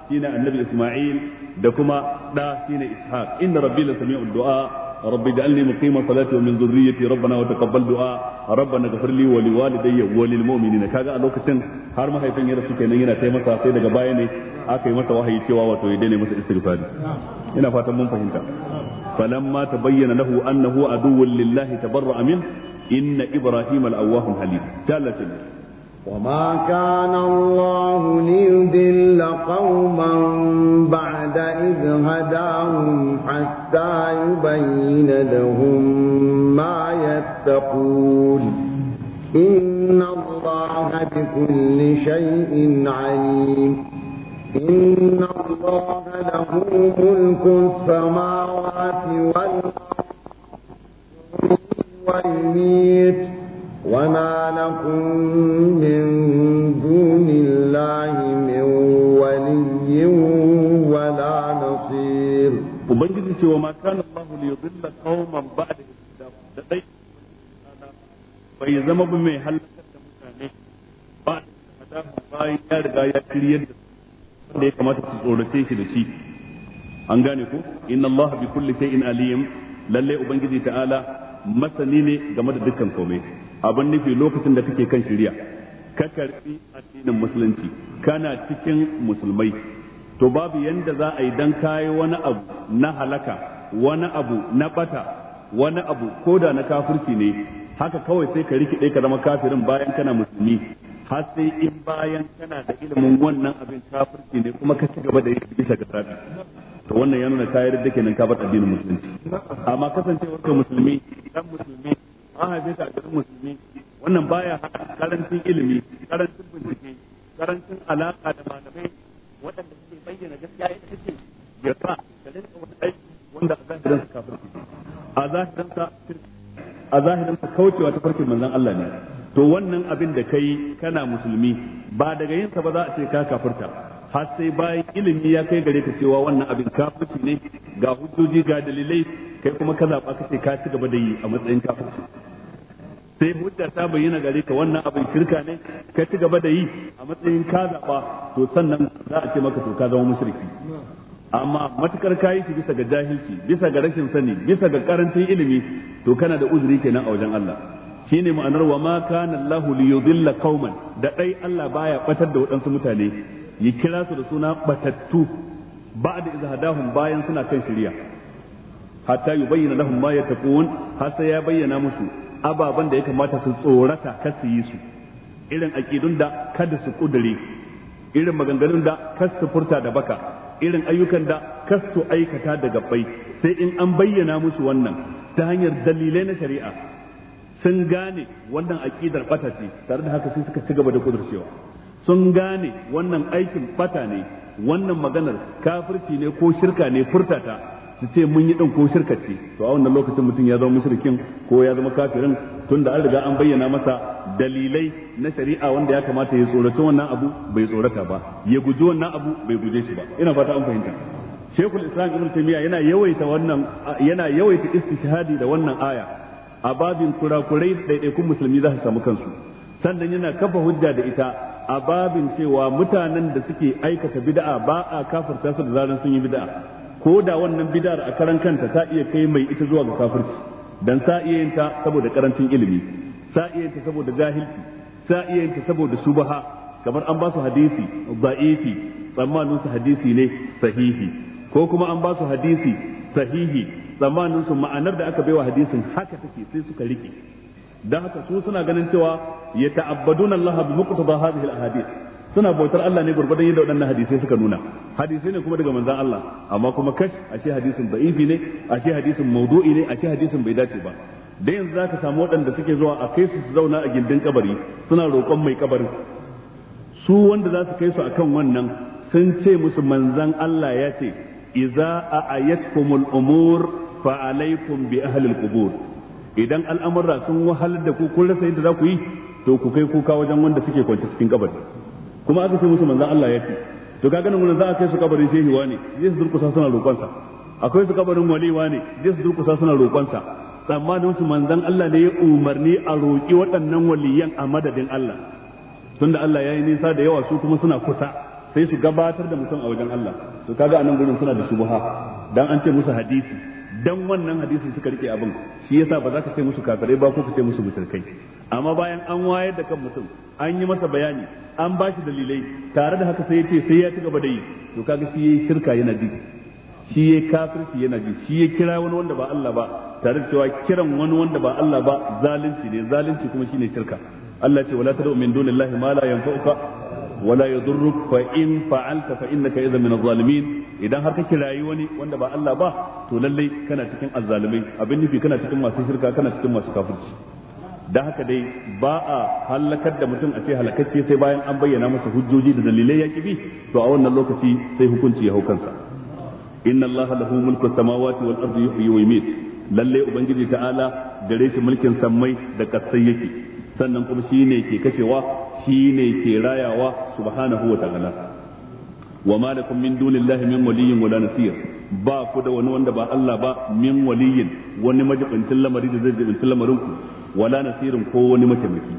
shine annabi isma'il da kuma da shine ishaq inna rabbil la du'a rabbi ja'alni muqima salati wa min dhurriyyati rabbana wa taqabbal du'a rabbana ighfir li wa liwalidayya wa lil mu'minina kaga a lokacin har mahaifin ya rasu kenan yana sai masa sai daga baya ne aka yi masa wahayi cewa wato ya daina masa istighfari ina fatan mun fahimta ma falamma tabayyana lahu annahu aduwwun lillahi tabarra'a min inna ibrahima al-awwahun halim
وما كان الله ليذل قوما بعد إذ هداهم حتى يبين لهم ما يتقون إن الله بكل شيء عليم إن الله له ملك السماوات والأرض ويميت وما لكم من دون الله من ولي ولا نصير وبنجد وما كان الله ليضل قوما بعد
bai zama ba mai halakar da mutane ba bayan ya riga ya shiryar da wanda ya kamata su tsorace shi da shi an gane ku inna allaha bi kulli shay'in alim lalle ubangiji ta'ala masani ne game da dukkan komai abin nufi lokacin da take kan shirya ka karbi addinin musulunci kana cikin musulmai to babu yanda za a yi dan kayi wani abu na halaka wani abu na bata wani abu ko da na kafirci ne haka kawai sai ka rikide ka zama kafirin bayan kana musulmi har sai in
bayan kana da ilimin wannan abin kafirci
ne kuma ka ci gaba da yi bisa ga tsari to wannan ya nuna kayar da kenan ka bar addinin musulunci amma kasancewar ka musulmi dan musulmi an haife a garin musulmi wannan baya karancin ilimi karancin bincike karancin alaka da malamai waɗanda suke bayyana gaskiya yadda take ya sa
da rinka wani
wanda a zahirin sa
kafin a zahirin sa a zahirin sa kaucewa ta farkin manzon Allah ne to wannan abin da kai kana musulmi ba daga yin sa ba za a ce ka kafirta har sai bayan ilimi ya kai gare ka cewa wannan abin kafirci ne ga hujjoji ga dalilai kai kuma ka zaba ka ce ka ci gaba da yi a matsayin kafirci sai hujja ta bayyana gare ka wannan abin shirka ne ka ci gaba da yi a matsayin ka zaba to sannan za a ce maka to ka zama mushriki amma matukar yi shi bisa ga jahilci bisa ga rashin sani bisa ga karancin ilimi to kana da uzuri kenan a wajen Allah shine ma'anar wa ma kana Allah li yudilla qauman da dai Allah baya batar da waɗansu mutane ya kira su da suna batattu ba'da izhadahum bayan suna kan shari'a hatta yubayyana lahum ma yattaqun har ya bayyana musu ababen da ya kamata su tsorata kar su yi su irin aƙidun da kada su kudure irin maganganun da kar furta da baka irin ayyukan da kar aikata da gabbai sai in an bayyana musu wannan ta hanyar dalilai na shari'a sun gane wannan aƙidar bata ce tare da haka sai suka ci gaba da kudurcewa sun gane wannan aikin bata ne wannan maganar kafirci ne ko shirka ne furtata su ce mun yi din ko shirka to a wannan lokacin mutum ya zama mushrikin ko ya zama kafirin tunda an riga an bayyana masa dalilai na shari'a wanda ya kamata ya tsorata wannan abu bai tsorata ba ya guji wannan abu bai guje shi ba ina fata an fahimta shekul Islam Ibn taymiya yana yawaita wannan yana yawaita istishhadi da wannan aya a babin kurakurai ɗaiɗaikun musulmi za su samu kansu sannan yana kafa hujja da ita a babin cewa mutanen da suke aikata bid'a ba a kafirta su da zaran sun yi bid'a ko da wannan bid'ar a karan kanta ta iya kai mai ita zuwa ga kafirci dan sa iya saboda karancin ilimi sa iya yin ta saboda jahilci sa iya saboda subaha kamar an ba su hadisi da'ifi tsammanin su hadisi ne sahihi ko kuma an ba su hadisi sahihi tsammanin su ma'anar da aka baiwa hadisin haka take sai suka rike dan haka su suna ganin cewa ya ta'abbaduna Allah bi muqtada hadhihi al suna bautar Allah ne gurgurdan yadda waɗannan hadisai suka nuna hadisai ne kuma daga manzan Allah amma kuma kash ashe hadisin da'ifi ne ashe hadisin maudu'i ne ashe hadisin bai dace ba da yanzu zaka samu waɗanda suke zuwa a kai su zauna a gindin kabari suna roƙon mai kabari su wanda za su kai su akan wannan sun ce musu manzan Allah ya ce iza idza a'ayatkumul umur fa alaikum bi ahlil qubur idan al'amura sun wahalar da ku kun rasa yadda za ku yi to ku kai kuka wajen wanda suke kwance cikin kabari kuma aka ce musu manzan Allah ya ce to ga ganin za a kai su kabarin shehi wani zai su durkusa suna roƙonsa akwai su kabarin wali wani zai su durkusa suna roƙonsa tsammanin su manzan Allah ne ya umarni a roƙi waɗannan waliyan a madadin Allah tunda Allah ya yi nisa da yawa su kuma suna kusa sai su gabatar da mutum a wajen Allah to kaga anan gurin suna da subuha dan an ce musu hadisi dan wannan hadisin suka rike abin shi yasa ba za ka ce musu kafirai ba ko ka ce musu mushrikai amma bayan an wayar da kan mutum an yi masa bayani an ba shi dalilai tare da haka sai ya ce sai ya ci gaba da yi to kaga shi yayi shirka yana bi shi yayi kafirci yana bi shi ya kira wani wanda ba Allah ba tare da cewa kiran wani wanda ba Allah ba zalunci ne zalunci kuma shine shirka Allah ce wala tad'u min dunillahi ma la yanfa'uka wala yadurruk fa in fa'alta fa innaka idhan min adh-dhalimin idan har ka kirayi wani wanda ba Allah ba to lalle kana cikin azzalimai abin nufi kana cikin masu shirka kana cikin masu kafirci da haka dai ba a halakar da mutum a ce halakacce sai bayan an bayyana masa hujjoji da dalilai ya bi to a wannan lokaci sai hukunci ya hau kansa inna allaha lahu mulku samawati wal ardi yuhyi wa yumiit lalle ubangiji ta'ala gare shi mulkin sammai da kasai yake sannan kuma shine ke kashewa shine ke rayawa subhanahu wa ta'ala wa ma lakum min dunillahi min waliyyin wala nasir ba ku da wani wanda ba Allah ba min waliyin wani majibincin lamari da zai jibincin lamarin ku ولا نسير ko wani mataimaki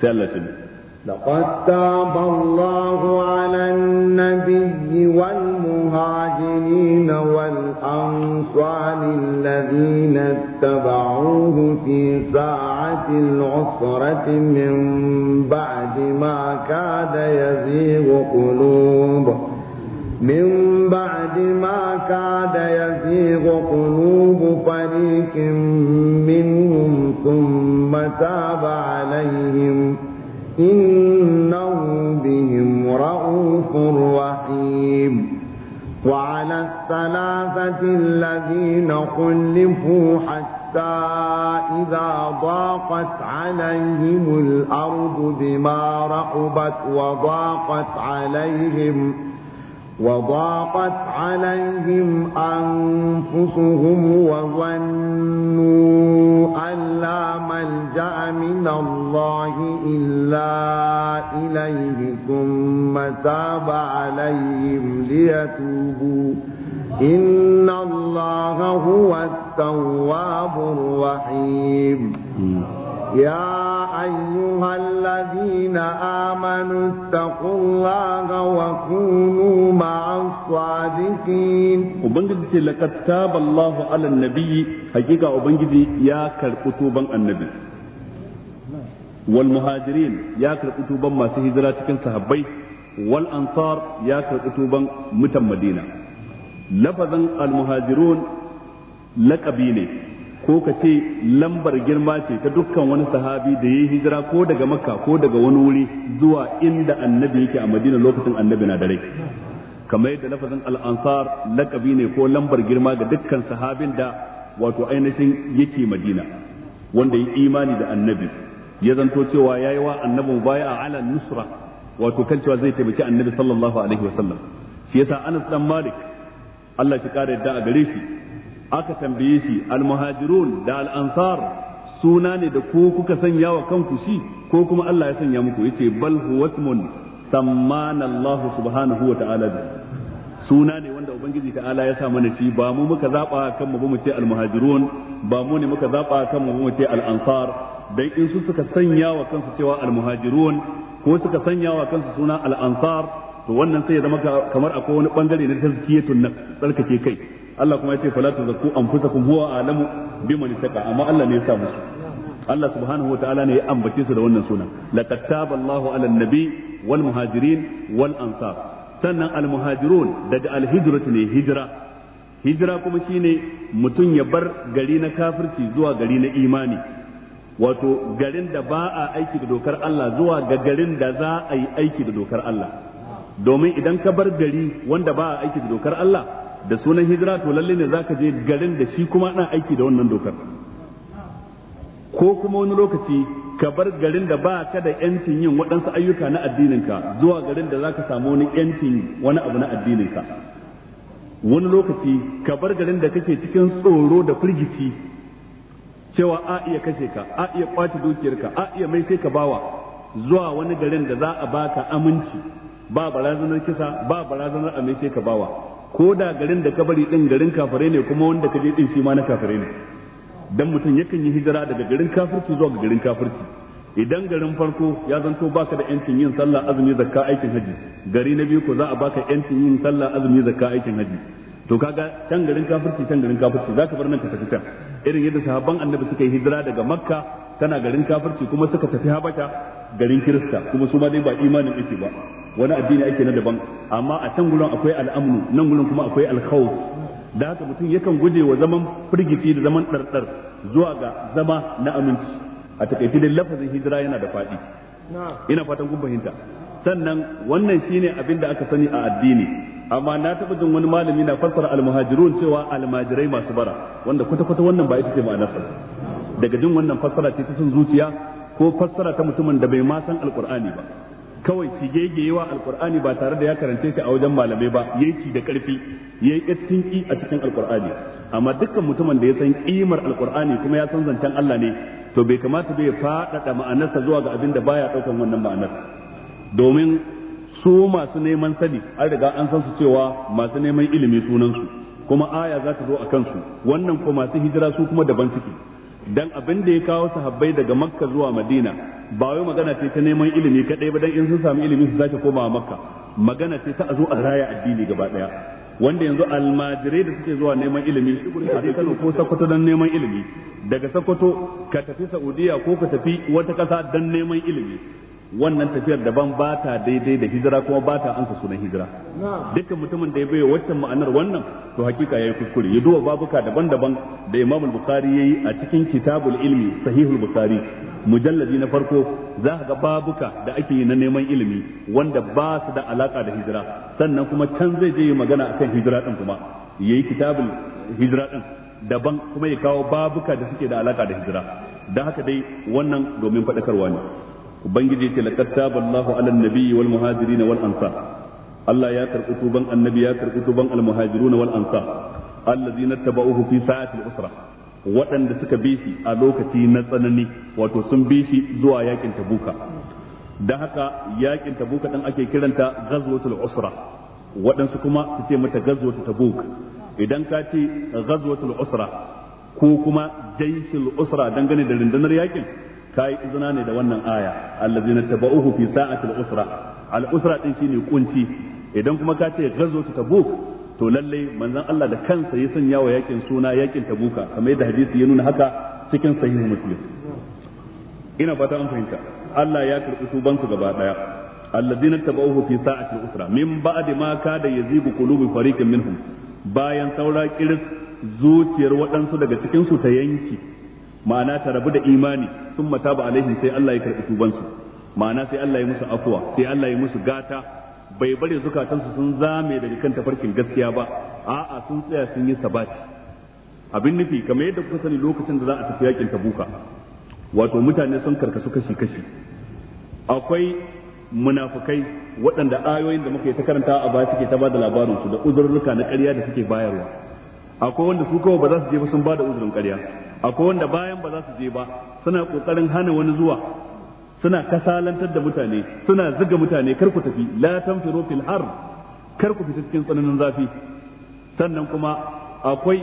sai لقد
تاب الله على النبي والمهاجرين والأنصار الذين اتبعوه في ساعة العسرة من بعد ما كاد يزيغ قلوب من بعد ما كاد يزيغ قلوب فريق منهم ثم تاب عليهم إنه بهم رؤوف رحيم وعلى الثلاثة الذين خلفوا حتى إذا ضاقت عليهم الأرض بما رحبت وضاقت عليهم
وضاقت
عليهم أنفسهم وظنوا أن لا ملجأ من الله إلا إليه ثم تاب عليهم ليتوبوا إن الله هو التواب الرحيم يا أيها الذين آمنوا اتقوا الله وكونوا مع الصادقين
وبنجد لقد تاب الله على النبي حقيقة وبنجد يا كالكتوبا النبي والمهاجرين يا كالكتوبا ما سهدرات كنت هبيت والأنصار يا كالكتوبا متى مدينة لفظا المهاجرون لقبيني ko ka ce lambar girma ce ta dukkan wani sahabi da ya yi hijira ko daga makka ko daga wani wuri zuwa inda annabi yake a madina lokacin annabi na da rai kamar yadda lafazin al'ansar lakabi ne ko lambar girma ga dukkan sahabin da wato ainihin yake madina wanda ya imani da annabi ya zanto cewa ya yi wa annabi baya a ala nusra wato kan cewa zai taimaki annabi sallallahu alaihi wasallam shi yasa anas dan malik Allah shi kare yadda a gare shi aka tambaye shi almuhajirun da al'ansar suna ne da ko kuka sanya wa kanku shi ko kuma Allah ya sanya muku yace bal huwa ismun Allah subhanahu wa ta'ala da suna ne wanda ubangiji ta'ala ya sa mana shi ba mu muka zaba kan mu ce almuhajirun ba mu ne muka zaba kan mu ce al'ansar dan in su suka sanya wa kansu cewa almuhajirun ko suka sanya wa kansu suna al'ansar to wannan sai ya zama kamar akwai wani bangare na tazkiyatun na tsarkake kai Allah kuma yace fala zaku anfusakum huwa alamu biman ittaqa amma Allah ne ya sa musu Allah subhanahu wataala ne ya ambace su da wannan suna laqad Allahu ala nabi wal muhajirin wal ansar sannan al muhajirun daga al hijratu ne hijra hijira kuma shine mutum ya bar gari na kafirci zuwa gari na imani wato garin da ba a aiki da dokar Allah zuwa ga garin da za a yi aiki da dokar Allah domin idan ka bar gari wanda ba a aiki da dokar Allah da sunan hijira to lalle ne zaka je garin da shi kuma ana aiki da wannan dokar ko kuma wani lokaci ka bar garin da ba ka da yancin yin waɗansu ayyuka na addininka zuwa garin da zaka samu wani yancin wani abu na addininka wani lokaci ka bar garin da kake cikin tsoro da firgici cewa a iya kashe ka a iya kwace dukiyarka a iya mai sai ka bawa zuwa wani garin da za a baka aminci ba barazanar kisa ba barazanar a mai sai ka bawa ko da garin da ka bari din garin kafare ne kuma wanda ka je din shi ma na kafare ne dan mutum yakan yi hijira daga garin kafirci zuwa ga garin kafirci idan garin farko ya zanto baka da yancin yin sallah azumi zakka aikin haji gari na biyu ko za a baka yancin yin sallah azumi zakka aikin haji to kaga can garin kafirci can garin kafirci zaka bar nan ka tafi can irin yadda sahabban annabi suka yi hijira daga makka tana garin kafirci kuma suka tafi habasha garin kirista kuma su ma dai ba imanin yake ba wani addini ake na daban amma a can gurin akwai al'amnu nan gurin kuma akwai alkhawf da haka mutum yakan guje wa zaman firgici da zaman ɗarɗar zuwa ga zama na aminci a takaice dai lafazin hijira yana da faɗi ina fatan kun fahimta sannan wannan shine abin da aka sani a addini amma na taɓa jin wani malami na fassara almuhajirun cewa almajirai masu bara wanda kwata-kwata wannan ba ita ce ma'anarsa daga jin wannan fassara ce ta son zuciya ko fassara ta mutumin da bai ma san alkur'ani ba kawai shi gegewa alkur'ani ba tare da ya karance shi a wajen malamai ba yayi ci da karfi yayi ittinki e a cikin alkur'ani amma dukkan mutumin da ya san ƙimar alkur'ani kuma ya san zancen Allah ne to bai kamata bai faɗaɗa ma'anarsa zuwa ga abin da baya ɗaukan wannan ma'anar domin su masu neman sani an riga an san su cewa masu neman ilimi sunansu kuma aya za ta zo a kansu wannan ko masu hijira su kuma daban suke dan abin da ya kawo sahabbai daga makka zuwa madina ba wai magana ce ta neman ilimi kadai ba dan in sun samu ilimi su sake koma makka magana ce ta a zo a raya addini gaba daya wanda yanzu almajirai da suke zuwa neman ilimi a Kano ko Sokoto dan neman ilimi daga Sokoto ka tafi Saudiya ko ka tafi wata kasa dan neman ilimi wannan tafiyar daban ba ta daidai da hijira kuma ba ta ansa sunan hijira dukkan mutumin da ya bai waccan ma'anar wannan to hakika ya yi kuskure ya duba babuka daban-daban da Imam ya yi a cikin Kitabul Ilmi Sahihul bukari mujalladi na farko za ka ga babuka da ake yi na neman ilimi wanda ba su da alaka da hijira sannan kuma can zai je magana kan hijira din kuma ya yi kitabul hijira din daban kuma ya kawo babuka da suke da alaka da hijira don haka dai wannan domin faɗakarwa ne ubangiji yake laqad taballahu ala nabiyyi wal muhajirin wal ansar Allah ya karɓi tuban annabi ya karɓi tuban al muhajirun wal ansar allazina tabauhu fi sa'ati al usra waɗanda suka bi shi a lokaci na tsanani wato sun bi shi zuwa yakin tabuka da haka yakin tabuka din ake kiranta ghazwatul usra waɗansu kuma su ce mata ghazwatul tabuk idan ka ce ghazwatul usra ko kuma jaishul usra dangane da rundunar yakin kai izina ne da wannan aya allazina tabauhu fi al usra al usra din shine kunci idan kuma ka ce gazo ta tabuk to lalle manzon Allah da kansa ya sanya wa yakin suna yakin tabuka kamar yadda hadisi ya nuna haka cikin sahih muslim ina fata an fahimta Allah ya karbi tuban su gaba daya allazina tabauhu fi al usra min ba'di ma kada yazigu qulubi fariqin minhum bayan saura kiris zuciyar waɗansu daga cikin su ta yanki ma'ana ta rabu da imani sun mata ba alaihi sai Allah ya karɓi tubansu ma'ana sai Allah ya musu afuwa sai Allah ya musu gata bai bare zukatansu sun zame daga kan tafarkin gaskiya ba a'a sun tsaya sun yi sabati abin nufi kamar yadda kuka sani lokacin da za a tafi yakin tabuka wato mutane sun karkasu kashi kashi akwai munafukai waɗanda ayoyin da muka yi ta karanta a baya suke ta ba da labarinsu da uzurruka na ƙarya da suke bayarwa akwai wanda su kawai ba za su je ba sun ba da uzurin ƙarya akwai wanda bayan ba za su je ba suna kokarin hana wani zuwa suna kasalantar da mutane suna zuga mutane kar ku tafi la tanfiru fil har kar ku fita cikin tsananin zafi sannan kuma akwai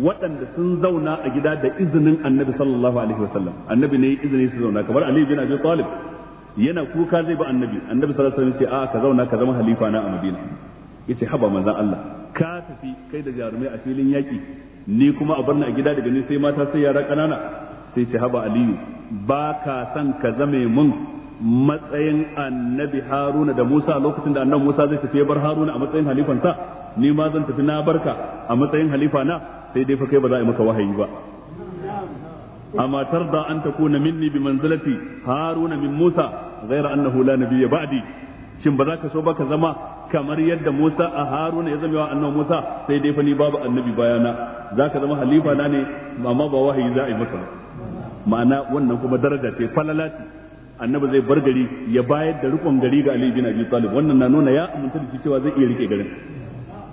waɗanda sun zauna a gida da izinin annabi sallallahu alaihi wasallam annabi ne izini su zauna kamar ali bin abi talib yana kuka zai ba annabi annabi sallallahu alaihi wasallam sai a ka zauna ka zama halifa na a madina yace haba manzon Allah ka tafi kai da jarumai a filin yaki ni kuma a barna a gida daga ni sai mata sai yara kanana sai ce haba aliyu ba ka san ka zame mun matsayin annabi haruna da musa lokacin da annabi musa zai tafi bar haruna a matsayin halifansa ni ma zan tafi na barka a matsayin halifa na sai dai fa kai ba za a yi maka wahayi ba A matar da an kuna minni bi manzalati haruna min musa ghaira annahu la nabiyya ba'di shin ba za ka so ba ka zama kamar yadda Musa a Haruna ya zama wa annabi Musa sai dai fa ni babu annabi bayana zaka zama halifa na ne amma ba wahayi za a yi maka ma'ana wannan kuma daraja ce falalati annabi zai bar gari ya bayar da rikon gari ga Ali bin Abi Talib wannan na nuna ya aminta da shi cewa zai iya rike garin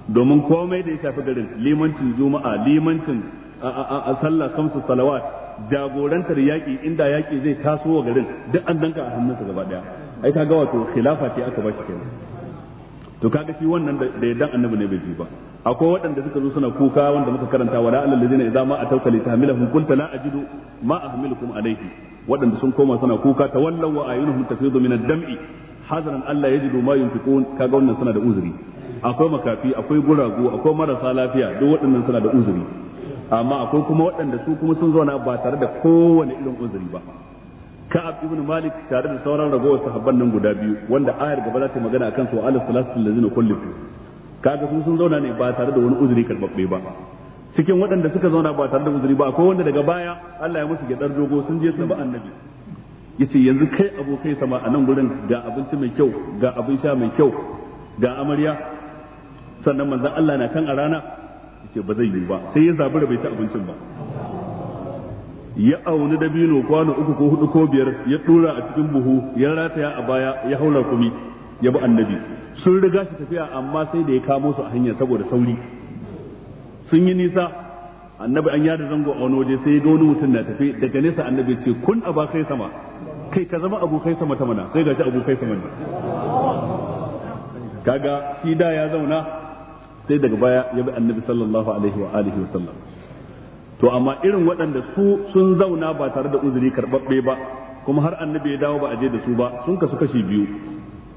domin komai da ya shafi garin limancin juma'a limancin a sallah kamsu salawat jagorantar yaƙi inda yaƙi zai taso wa garin duk an danka a hannunsa gaba daya ai kaga wato khilafa ce aka bashi shi kenan to kaga shi wannan da yaddan annabi ne bai ji ba akwai waɗanda suka zo suna kuka wanda muka karanta wala alal ladina idza ma atawka li tahmilahum qulta la ajidu ma ahmilukum alayhi waɗanda sun koma suna kuka tawallaw wa ayunuhum tafidu min ad-dam'i hazaran alla yajidu ma yunfiqun kaga wannan suna da uzuri akwai makafi akwai guragu akwai marasa lafiya duk waɗannan suna da uzuri amma akwai kuma waɗanda su kuma sun zauna ba tare da kowane irin uzuri ba ka'ab ibn malik tare da sauran ragowar sahabban nan guda biyu wanda ayar gaba za ta magana akan su ala salatu allazina kullifu kaga su sun zauna ne ba tare da wani uzuri karbabbe ba cikin waɗanda suka zauna ba tare da uzuri ba akwai wanda daga baya Allah ya musu gidar dogo sun je su ba annabi yace yanzu kai abokai sama a nan gurin ga abinci mai kyau ga abin sha mai kyau ga amarya sannan manzon Allah na kan a rana yace ba zai yi ba sai ya zabura bai ci abincin ba ya auni dabino kwano uku ko hudu ko biyar ya dura a cikin buhu ya rataya a baya ya haura kumi ya bi annabi sun riga shi tafiya amma sai da ya kamo su a hanya saboda sauri sun yi nisa annabi an yada zango a wani waje sai ya ga mutum na tafi daga nesa annabi ce kun a ba kai sama kai ka zama abu kai sama ta mana sai gashi kai sama ne kaga shi da ya zauna sai daga baya ya bi annabi sallallahu alaihi wa alihi wa sallam to amma irin waɗanda su sun zauna ba tare da uzuri karɓaɓɓe ba kuma har annabi ya dawo ba a je da su ba sun kasu kashi biyu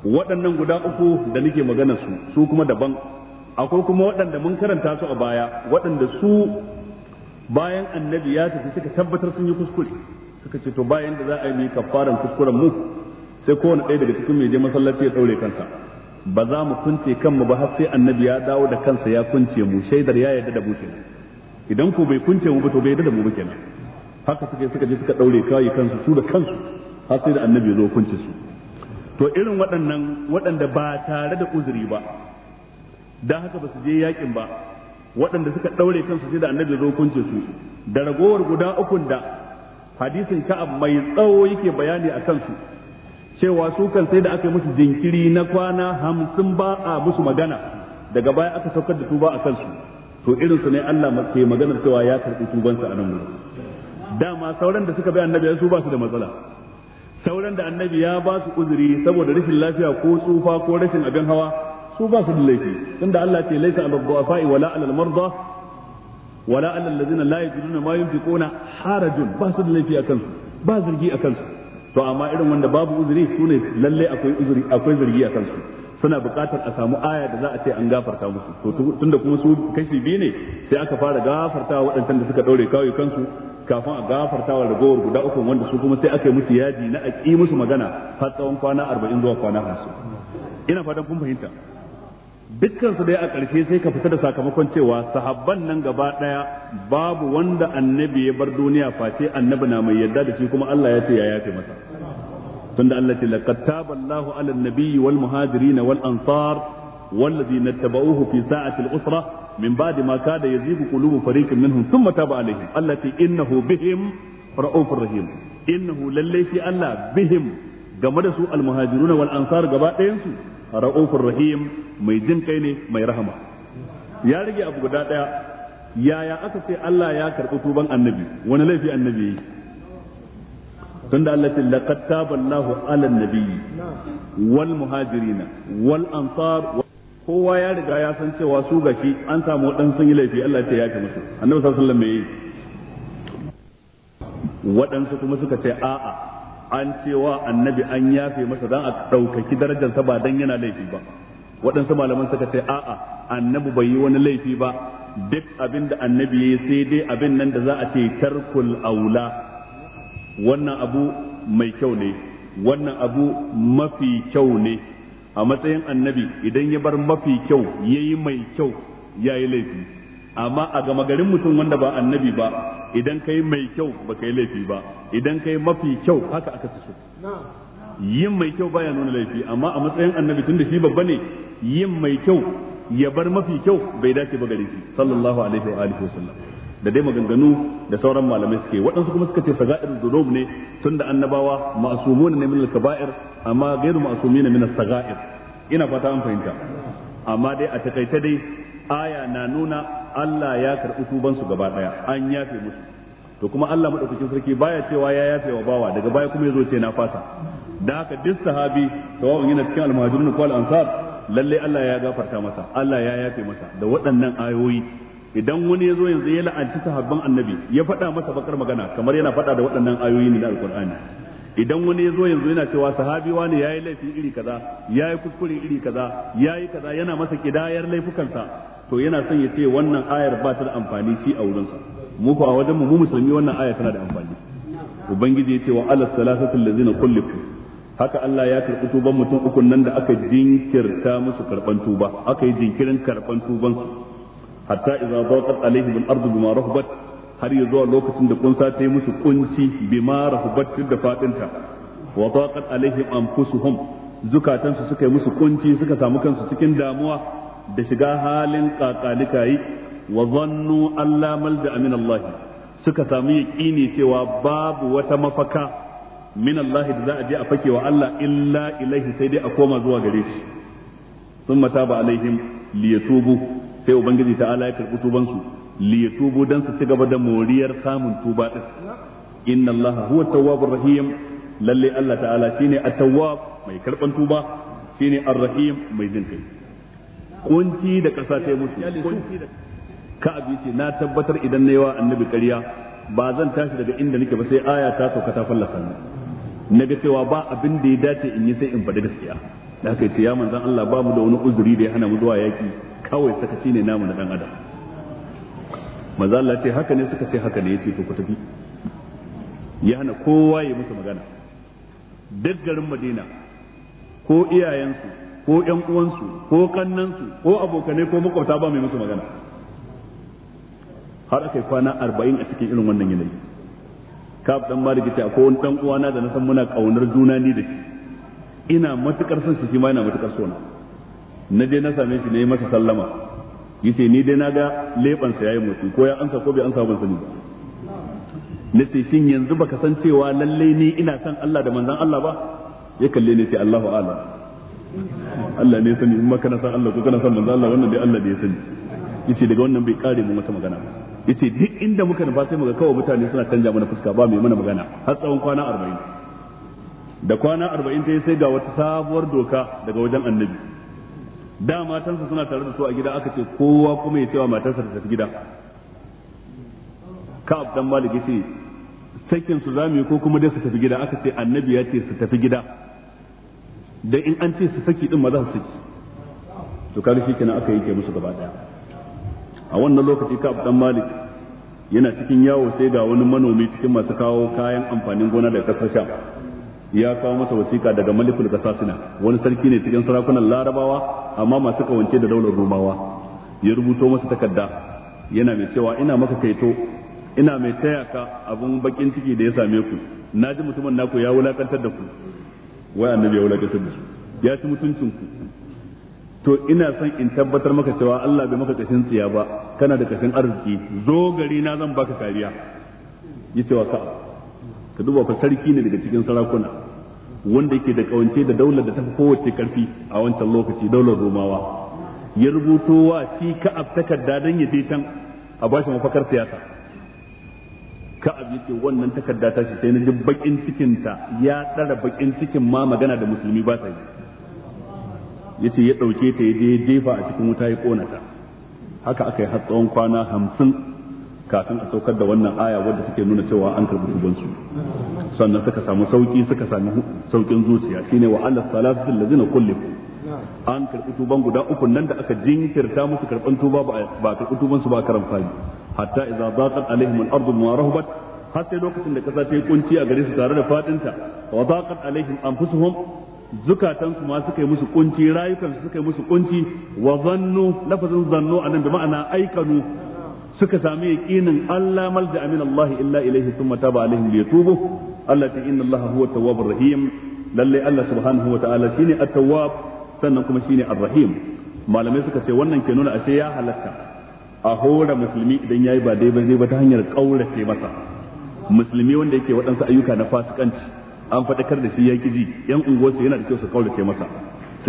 waɗannan guda uku da nake magana su su kuma daban akwai kuma waɗanda mun karanta su a baya waɗanda su bayan annabi ya tafi suka tabbatar sun yi kuskure suka ce to bayan da za a yi kafaran kuskuren mu sai kowane ɗaya daga cikin mai je masallaci ya ɗaure kansa ba za mu kunce kanmu ba har sai annabi ya dawo da kansa ya kunce mu shaidar ya yarda da mu idan ko bai kunce mu ba to bai da mu ba kenan haka suke suka je suka daure kai kansu su da kansu har sai da annabi zo kunce su to irin waɗannan waɗanda ba tare da uzuri ba dan haka ba su je yakin ba waɗanda suka daure kansu sai da annabi zo kunce su da ragowar guda ukun da hadisin ka'ab mai tsawo yake bayani a kansu cewa su kan sai da aka yi musu jinkiri na kwana hamsin ba a musu magana daga baya aka saukar da tuba a kansu to irin su ne Allah ke maganar cewa ya karɓi tubansa a nan wurin dama sauran da suka bi annabi su ba su da matsala sauran da annabi ya ba su uzuri saboda rashin lafiya ko tsufa ko rashin abin hawa su ba su da laifi tunda Allah ce laisa alal fa'i wala alal marda wala alal ladina la yajiduna ma yunfiquna harajun ba su da laifi akan su ba zargi akan su to amma irin wanda babu uzuri su ne lalle akwai uzuri akwai zargi akan su suna buƙatar a samu aya da za a ce an gafarta musu to tunda kuma su kashi biyu ne sai aka fara gafarta waɗancan da suka ɗaure kawai kansu kafin a gafarta wa ragowar guda uku wanda su kuma sai aka yi musu yaji na a ƙi musu magana har tsawon kwana arba'in zuwa kwana hamsin ina fatan kun fahimta dukkan su dai a ƙarshe sai ka fita da sakamakon cewa sahabban nan gaba ɗaya babu wanda annabi ya bar duniya face annabi na mai yarda da shi kuma Allah ya ce ya yafe masa tunda Allah ce laqad taballahu 'ala an-nabiyyi wal muhajirin wal ansar والذين اتبعوه في ساعة الأسرة من بعد ما كاد يزيغ قلوب فريق منهم ثم تاب عليهم التي إنه بهم رؤوف رحيم إنه lallai في Allah bihim game da su almuhajiruna wal ansar gaba ɗayansu ra'ufur rahim mai jin kai ne mai rahama ya rage abu guda ɗaya yaya aka ce Allah ya karɓi tuban annabi wani laifi annabi yi tunda Allah ce laqad taballahu ala nabiyyi wal muhajirina wal ansar kowa ya riga ya san cewa su gashi an samu dan sun yi laifi Allah ce ya yi musu annabi sallallahu alaihi wasallam me yi waɗansu kuma suka ce a'a an cewa annabi an yafe masa dan a ɗaukaki darajarsa ba dan yana laifi ba waɗansu malaman suka ce a'a annabi bai yi wani laifi ba duk abin da annabi ya yi sai dai abin nan da za a ce tarkul aula wannan abu mai kyau ne wannan abu mafi kyau ne a matsayin annabi idan ya bar mafi kyau ya yi mai kyau ya yi laifi amma a gama garin mutum wanda ba annabi ba idan ka yi mai kyau ba ka yi laifi ba idan ka yi mafi kyau haka aka su yin mai kyau baya nuna laifi amma a matsayin annabi tun da shi babba ne yin mai kyau ya bar mafi kyau bai dace ba gare shi sallallahu alaihi wa alihi da dai maganganu da sauran malamai suke waɗansu kuma suka ce saga'ir dhunub ne tunda annabawa ma'sumun ne min al-kaba'ir amma ghairu ma'sumin min as-saga'ir ina fata an fahimta amma dai a takaice dai aya na nuna Allah ya karɓi tubansu gaba ɗaya an yafe musu to kuma Allah madaukakin sarki baya cewa ya yafe wa bawa daga baya kuma yazo ce na fasa da haka duk sahabi sawa'un yana cikin almuhajirun ko al-ansar lalle Allah ya gafarta masa Allah ya yafe masa da waɗannan ayoyi idan wani ya zo yanzu ya la'anci sahabban annabi ya faɗa masa bakar magana kamar yana faɗa da waɗannan ayoyi ne na alkur'ani idan wani ya zo yanzu yana cewa sahabi wani yi laifin iri kaza ya yi kuskure iri kaza ya yi kaza yana masa kidayar laifukansa to yana son ya ce wannan ayar ba ta da amfani shi a wurinsa mu ko a wajen mu mu musulmi wannan ayar tana da amfani ubangiji ya ce wa ala salasatul ladzina kullifu haka Allah ya karɓi tuban mutum uku nan da aka jinkirta musu karɓan tuba aka yi jinkirin karɓan tuban su hatta idza daqat alaihim al-ardu bima har ya zuwa lokacin da kunsa ta yi musu kunci bima rahabat duk da fadinta wa daqat alaihim anfusuhum zukatansu suka yi musu kunci suka samu kansu cikin damuwa da shiga halin kakalikayi wa zannu alla malja min Allah suka samu yaqini cewa babu wata mafaka min Allah da za a je a fake wa Allah illa ilaihi sai dai a koma zuwa gare shi thumma taba alaihim liyatubu sai ubangiji ta ala ya karɓi tubansu, su li yatubu dan su ci gaba da moriyar samun tuba din inna allaha huwa tawwabur rahim lalle allah ta'ala shine at-tawwab mai karban tuba shine ar-rahim mai jin kai kunci da kasa ta musu kunci da ka na tabbatar idan na yawa annabi ƙarya ba zan tashi daga inda nake ba sai aya ta sauka ta fallasa ni naga cewa ba abin da ya dace in yi sai in faɗi gaskiya da aka ce ya manzon Allah ba mu da wani uzuri da ya hana mu zuwa yaki kawai sakaci ne namu na dan adam maza Allah ce haka ne suka ce haka ne yace to ku tafi ya hana kowa ya musu magana duk garin Madina ko iyayensu ko ƴan uwansu ko kannansu ko abokanai ko makwabta ba mai musu magana har aka yi kwana arba'in a cikin irin wannan yanayi kaf dan maliki ce akwai wani dan uwana da na san muna kaunar juna ni da shi ina matukar son shi shi ma ina matukar sona na je na same shi ne yi masa sallama yace ni dai na ga lebansa yayi motsi ko ya ansa ko bai ansa ban sani ba nace shin yanzu baka san cewa lalle ni ina son Allah da manzon Allah ba ya kalle ne sai Allahu a'lam Allah ne sani in maka na san Allah ko kana san manzon Allah wannan dai Allah da ya sani yace daga wannan bai kare mu mata magana ba yace duk inda muka nufa sai muga kawai mutane suna canja mana fuska ba mai mana magana har tsawon kwana 40 da kwana 40 ta sai ga wata sabuwar doka daga wajen annabi da matansa suna tare da su a gida aka ce kowa kuma ya cewa matansa ta tafi gida ka dan malik ce sakin su zamu ko kuma dai su tafi gida aka ce annabi ya ce su tafi gida dan in an ce su saki din ma za su saki to kaga shikenan aka yake musu gaba daya a wannan lokaci ka dan malik yana cikin yawo sai ga wani manomi cikin masu kawo kayan amfanin gona daga kasar ya kawo masa wasiƙa daga malikul kasasina wani sarki ne cikin sarakunan larabawa amma masu kawance da daular rumawa ya rubuto masa takarda yana mai cewa ina maka kaito ina mai taya ka abun bakin ciki da ya same ku na ji mutumin naku ya wulakantar da ku wai annabi ya wulakantar da su ya ci mutuncin ku to ina son in tabbatar maka cewa Allah bai maka kashin tsiya ba kana da kashin arziki zo gari na zan baka kariya yace wa ka'a ka duba fa sarki ne daga cikin sarakuna wanda yake da kawance da daular da ta fi kowace karfi a wancan lokaci daular romawa ya rubuto wa shi ka'ab takarda don ya je can a bashi mafakar siyasa ka'ab yake wannan takarda ta shi sai na ji bakin cikin ta ya tsara bakin cikin ma magana da musulmi ba sa yi yace ya dauke ta ya jefa a cikin wuta ya kona ta haka aka yi har tsawon kwana hamsin kafin ka saukar da wannan aya wadda suke nuna cewa an karbi tubansu sannan suka samu sauki suka sami saukin zuciya shine wa ala salatu allazina kullifu an karbi tuban guda uku nan da aka jinkirta musu karban tuba ba karbi tuban su ba karan hatta idza daqat alaihim al-ardu ma rahabat har sai lokacin da kasa ta yi kunci a gare su tare da fadinta wa daqat alaihim anfusuhum zukatansu ma suka yi musu kunci rayukansu suka yi musu kunci wa zannu lafazin zannu anan bi ma'ana aikanu suka sami yaqinin Allah malja amin Allah illa ilayhi thumma taba alaihim liyatubu Allah ta inna Allah huwa tawwabur rahim lalle Allah subhanahu wa ta'ala shine at-tawwab sannan kuma shine ar-rahim malamai suka ce wannan ke nuna ashe ya halatta a hora musulmi idan yayi ba dai ba zai ba ta hanyar kaurace masa musulmi wanda yake waɗansu ayyuka na fasikanci an faɗakar da shi ya ji yan unguwarsa yana da kyau su kaurace masa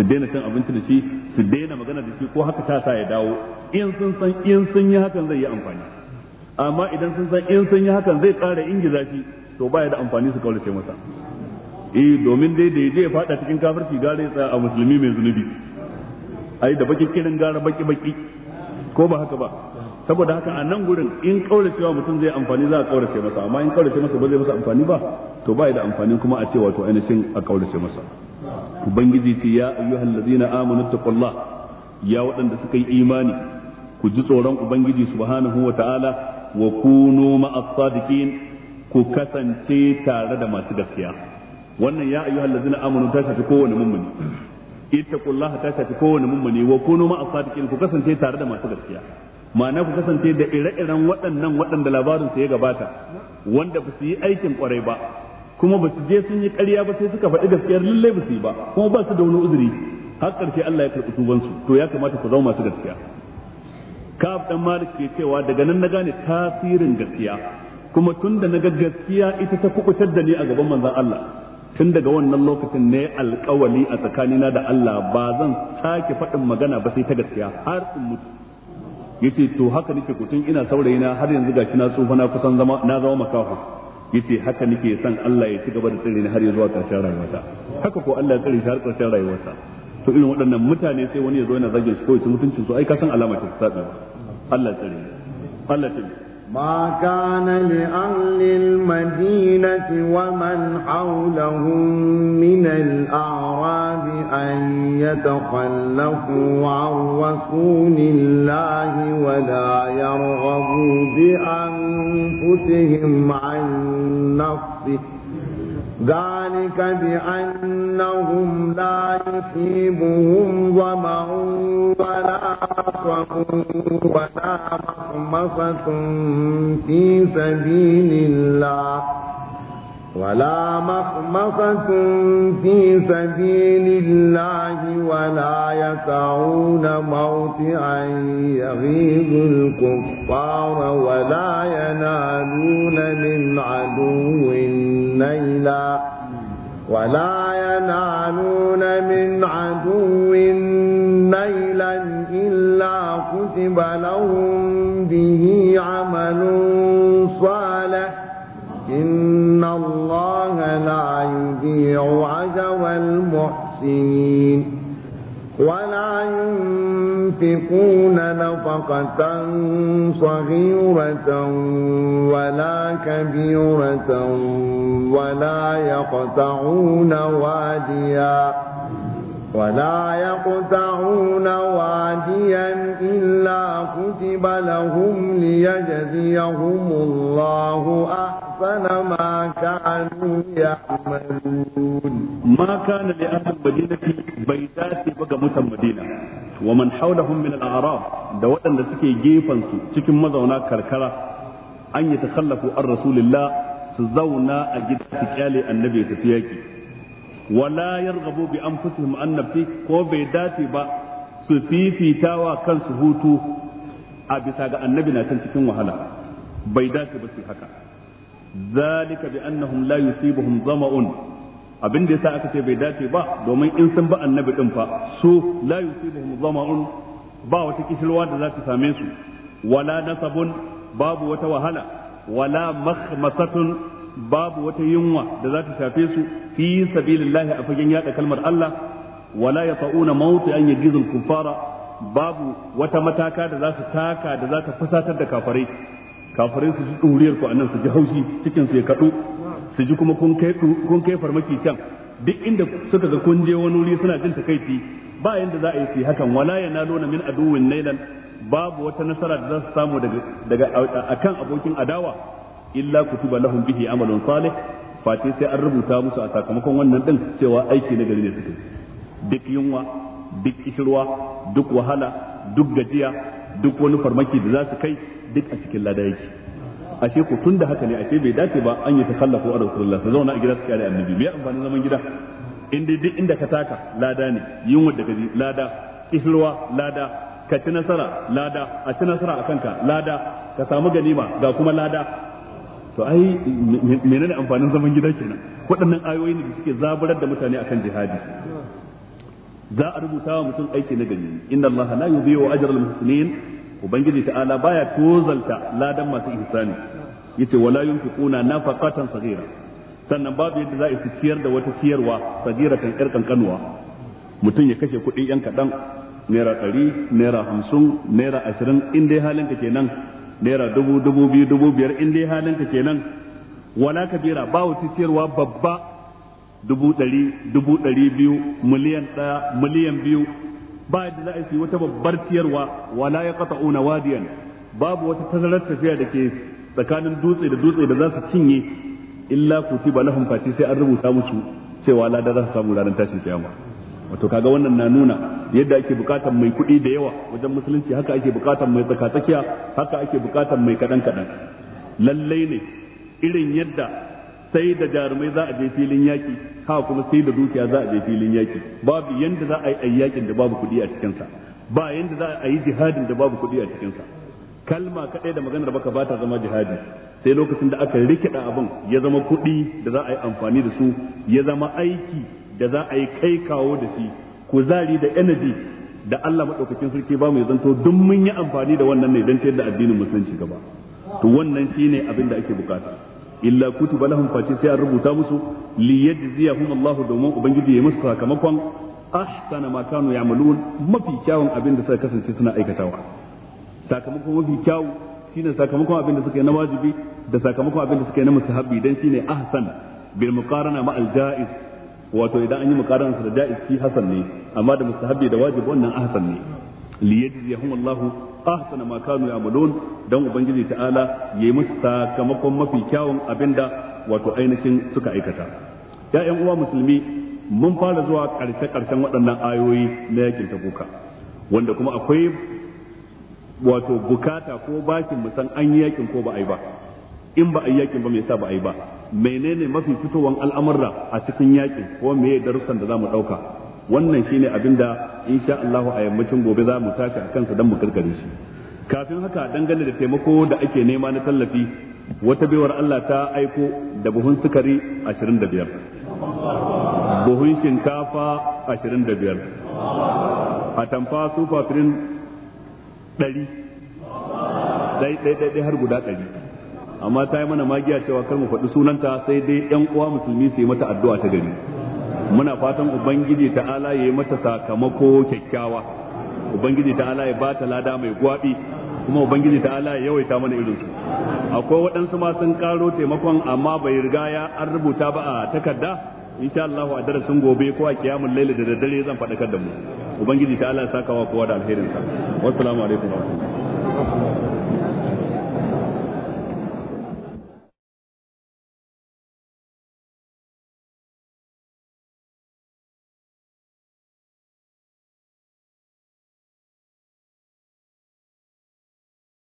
su daina cin abinci da shi su daina magana da shi ko haka ta sa ya dawo in sun san in sun yi hakan zai yi amfani amma idan sun san in sun yi hakan zai kare ingiza shi to ba ya da amfani su kaulace masa eh domin dai da yaje ya fada cikin kafirci gare ya tsaya a musulmi mai zunubi ai da baki kirin gara baki baki ko ba haka ba saboda haka a nan gurin in wa mutum zai amfani za a kaulace masa amma in kaulace masa ba zai masa amfani ba to ba da amfani kuma a ce wato ainihin a kaulace masa ubangiji ce ya ayyuhallazina amanu taqullah ya waɗanda suka yi imani ku ji tsoron ubangiji subhanahu wa ta'ala wa kunu ma'as sadiqin ku kasance tare da masu gaskiya wannan ya ayyuhal ladzina amanu ta shafi kowane mummuni ittaqullaha ta shafi kowane mummuni wa kunu ma'as sadiqin ku kasance tare da masu gaskiya ma'ana ku kasance da ire-iren waɗannan waɗanda labarin su ya gabata wanda ba su yi aikin kwarai ba kuma ba su je sun yi ƙarya ba sai suka faɗi gaskiyar lallai ba su yi ba kuma ba su da wani uzuri har ƙarshe Allah ya karɓi tubansu to ya kamata ku zama masu gaskiya kaf dan malik ke cewa daga nan na gane tasirin gaskiya kuma tun da na ga gaskiya ita ta kukutar da ni a gaban manzon Allah tun daga wannan lokacin ne alkawali a tsakanina da Allah ba zan sake faɗin magana ba sai ta gaskiya har in mutu yace to haka nake kutun ina saurayina har yanzu gashi na tsufa na kusan zama na zama makafu yace haka nake son Allah ya ci gaba da tsare ni har zuwa a ƙarshen rayuwata haka ko Allah ya tsare shi har ƙarshen rayuwarsa to irin waɗannan mutane sai wani ya zo yana zagin su kawai ci mutuncin su ai ka san alama ta tsabi Allah tsare Allah tsare
ما كان لأهل المدينة ومن حولهم من الأعراب أن يتخلفوا عن رسول الله ولا يرغبوا بأنفسهم عن نفسه ذلك بأنهم لا يصيبهم ظمأ ولا نصب ولا مخمصة في سبيل الله ولا مخمصة في سبيل الله ولا يسعون موطئا يغيظ الكفار ولا ينالون من عدو نيلا ولا ينالون من عدو نيلا إلا كتب لهم به عمل صالح إن الله لا يضيع عجو المحسنين ينفقون نفقة صغيرة ولا كبيرة ولا يقطعون واديا ولا يقطعون واديا إلا كتب لهم ليجزيهم الله أحسن أحسن ما كانوا يعملون ما كان لأهل المدينة بيدات
بقى متى المدينة ومن حولهم من الأعراب دوتا لسكي جيفا سكي مزونا كركرة أن يتخلفوا عن رسول الله سزونا أجد سكالي النبي تفياكي ولا يرغبوا بأنفسهم عن نفسي كو بيداتي با سفيفي تاوى كان سهوتو a bisa ga annabi na can cikin wahala bai dace ba su haka zalika bi annahum la yusibuhum zama'un abin da yasa aka ce bai dace ba domin in sun ba annabi din fa su la yusibuhum zama'un ba wata kishilwa da za ta same su wala nasabun babu wata wahala wala makhmasatun babu wata yunwa da za ta shafe su fi sabilillahi a fagen yada kalmar Allah wala yata'una mautu an yajizul kufara babu wata mataka da za su taka da za ta fusatar da kafirai kafirai su ji ɗuriyar ku annan su ji haushi cikin su ya kaɗu su ji kuma kun kai farmaki can duk inda suka ga kun je wani wuri suna jin takaici ba yanda za a yi su hakan wala nuna min aduwin nailan babu wata nasara da za su samu daga daga akan abokin adawa illa kutuba lahum bihi amalun salih face sai an rubuta musu a sakamakon wannan din cewa aiki na gari ne suke duk yunwa duk kishirwa duk wahala duk gajiya duk wani farmaki da za su kai duk a cikin lada yake ashe ko tunda haka ne ashe bai dace ba an yi takallafu a rasulullah sai zauna a gida su kare annabi bai amfanin zaman gida inda duk inda ka taka lada ne yin wanda ka ji lada kisirwa lada ka ci nasara lada a ci nasara a kanka lada ka samu ganima ga kuma lada to ai menene amfanin zaman gida kenan waɗannan ayoyi ne da suke zaburar da mutane akan jihadi za a rubuta wa mutum aiki na gani inna allaha la yudhi'u ajra al muslimin ubangiji ta'ala baya tozalta ladan masu ihsani yace wala yunfiquna nafaqatan saghira sannan babu yadda za a ciyar da wata ciyarwa saghira kan ƴar kankanuwa mutum ya kashe kuɗi yan kaɗan naira ɗari naira hamsin naira ashirin in dai halinka kenan naira dubu dubu biyu dubu biyar in dai halinka kenan wala kabira ba wata ciyarwa babba dubu ɗari dubu ɗari biyu miliyan ɗaya miliyan biyu ba yadda za a yi wata babbar ciyarwa wala ya una wadiyan babu wata tazarar tafiya da ke tsakanin dutse da dutse da za su cinye illa ba lahum fati sai an rubuta musu cewa lada za su samu ranar tashin kiyama wato kaga wannan na nuna yadda ake bukatar mai kuɗi da yawa wajen musulunci haka ake bukatar mai tsaka tsakiya haka ake bukatar mai kaɗan kaɗan lallai ne irin yadda sai da jarumai za a je filin yaki ha kuma sai da dukiya za a je filin yaki babu yanda za a yi yaƙin da babu kuɗi a cikin sa ba yanda za a yi jihadin da babu kuɗi a cikin sa kalma kaɗai da maganar baka ba ta zama jihadi sai lokacin da aka rikida abin ya zama kuɗi da za a yi amfani da su ya zama aiki da za a yi kai kawo da shi kuzari da energy da Allah maɗaukakin sarki ba mu zanto duk mun yi amfani da wannan ne don ciyar da addinin musulunci gaba to wannan shine abin da ake bukata illa kutiba lahum face sai an rubuta musu li yajziyahum Allahu domin ubangiji ya musu sakamakon ahsana ma kanu ya'malun mafi kyawun abin da suka kasance suna aikatawa sakamakon mafi kyawu shine sakamakon abin da suka yi na wajibi da sakamakon abin da suka yi na mustahabbi dan shine ahsan bil muqarana ma al ja'iz wato idan an yi muqaranarsa da ja'iz shi hasan ne amma da mustahabbi da wajibi wannan ahsan ne liyajziyahum Allahu ahsana ma kanu ya'malun dan ubangiji ta'ala yayi musu sakamakon mafi kyawun abinda wato ainihin suka aikata ya ƴan uwa musulmi mun fara zuwa ƙarshe ƙarshen waɗannan ayoyi na yakin tabuka wanda kuma akwai wato bukata ko bakin mu san an yi yakin ko ba a yi ba in ba a yi yakin ba me yasa ba a ba menene mafi fitowan al'amurra a cikin yakin ko meye darussan da za mu ɗauka wannan shine abin insha Allah a yammacin gobe za mu tashi a kansa don mu karkare shi kafin haka dangane da taimako da ake nema na tallafi wata baiwar Allah ta aiko da buhun sukari 25 buhun shinkafa 25 atamfa sufa firin 100 ɗai har guda 100 amma ta yi mana magiya cewa kar mu faɗi sunanta sai dai 'yan uwa musulmi su yi mata addu'a ta gari muna fatan ubangiji ta'ala ya yi mata sakamako kyakkyawa ubangiji ta'ala ya ba ta lada mai gwabi kuma ubangiji ta'ala ya yawaita mana irin su akwai waɗansu ma sun karo taimakon amma bai riga ya an rubuta ba a takarda insha Allah a darasin gobe ko a kiyamul laili da daddare zan faɗakar da mu ubangiji ta'ala ya saka wa kowa da alherin sa wassalamu alaikum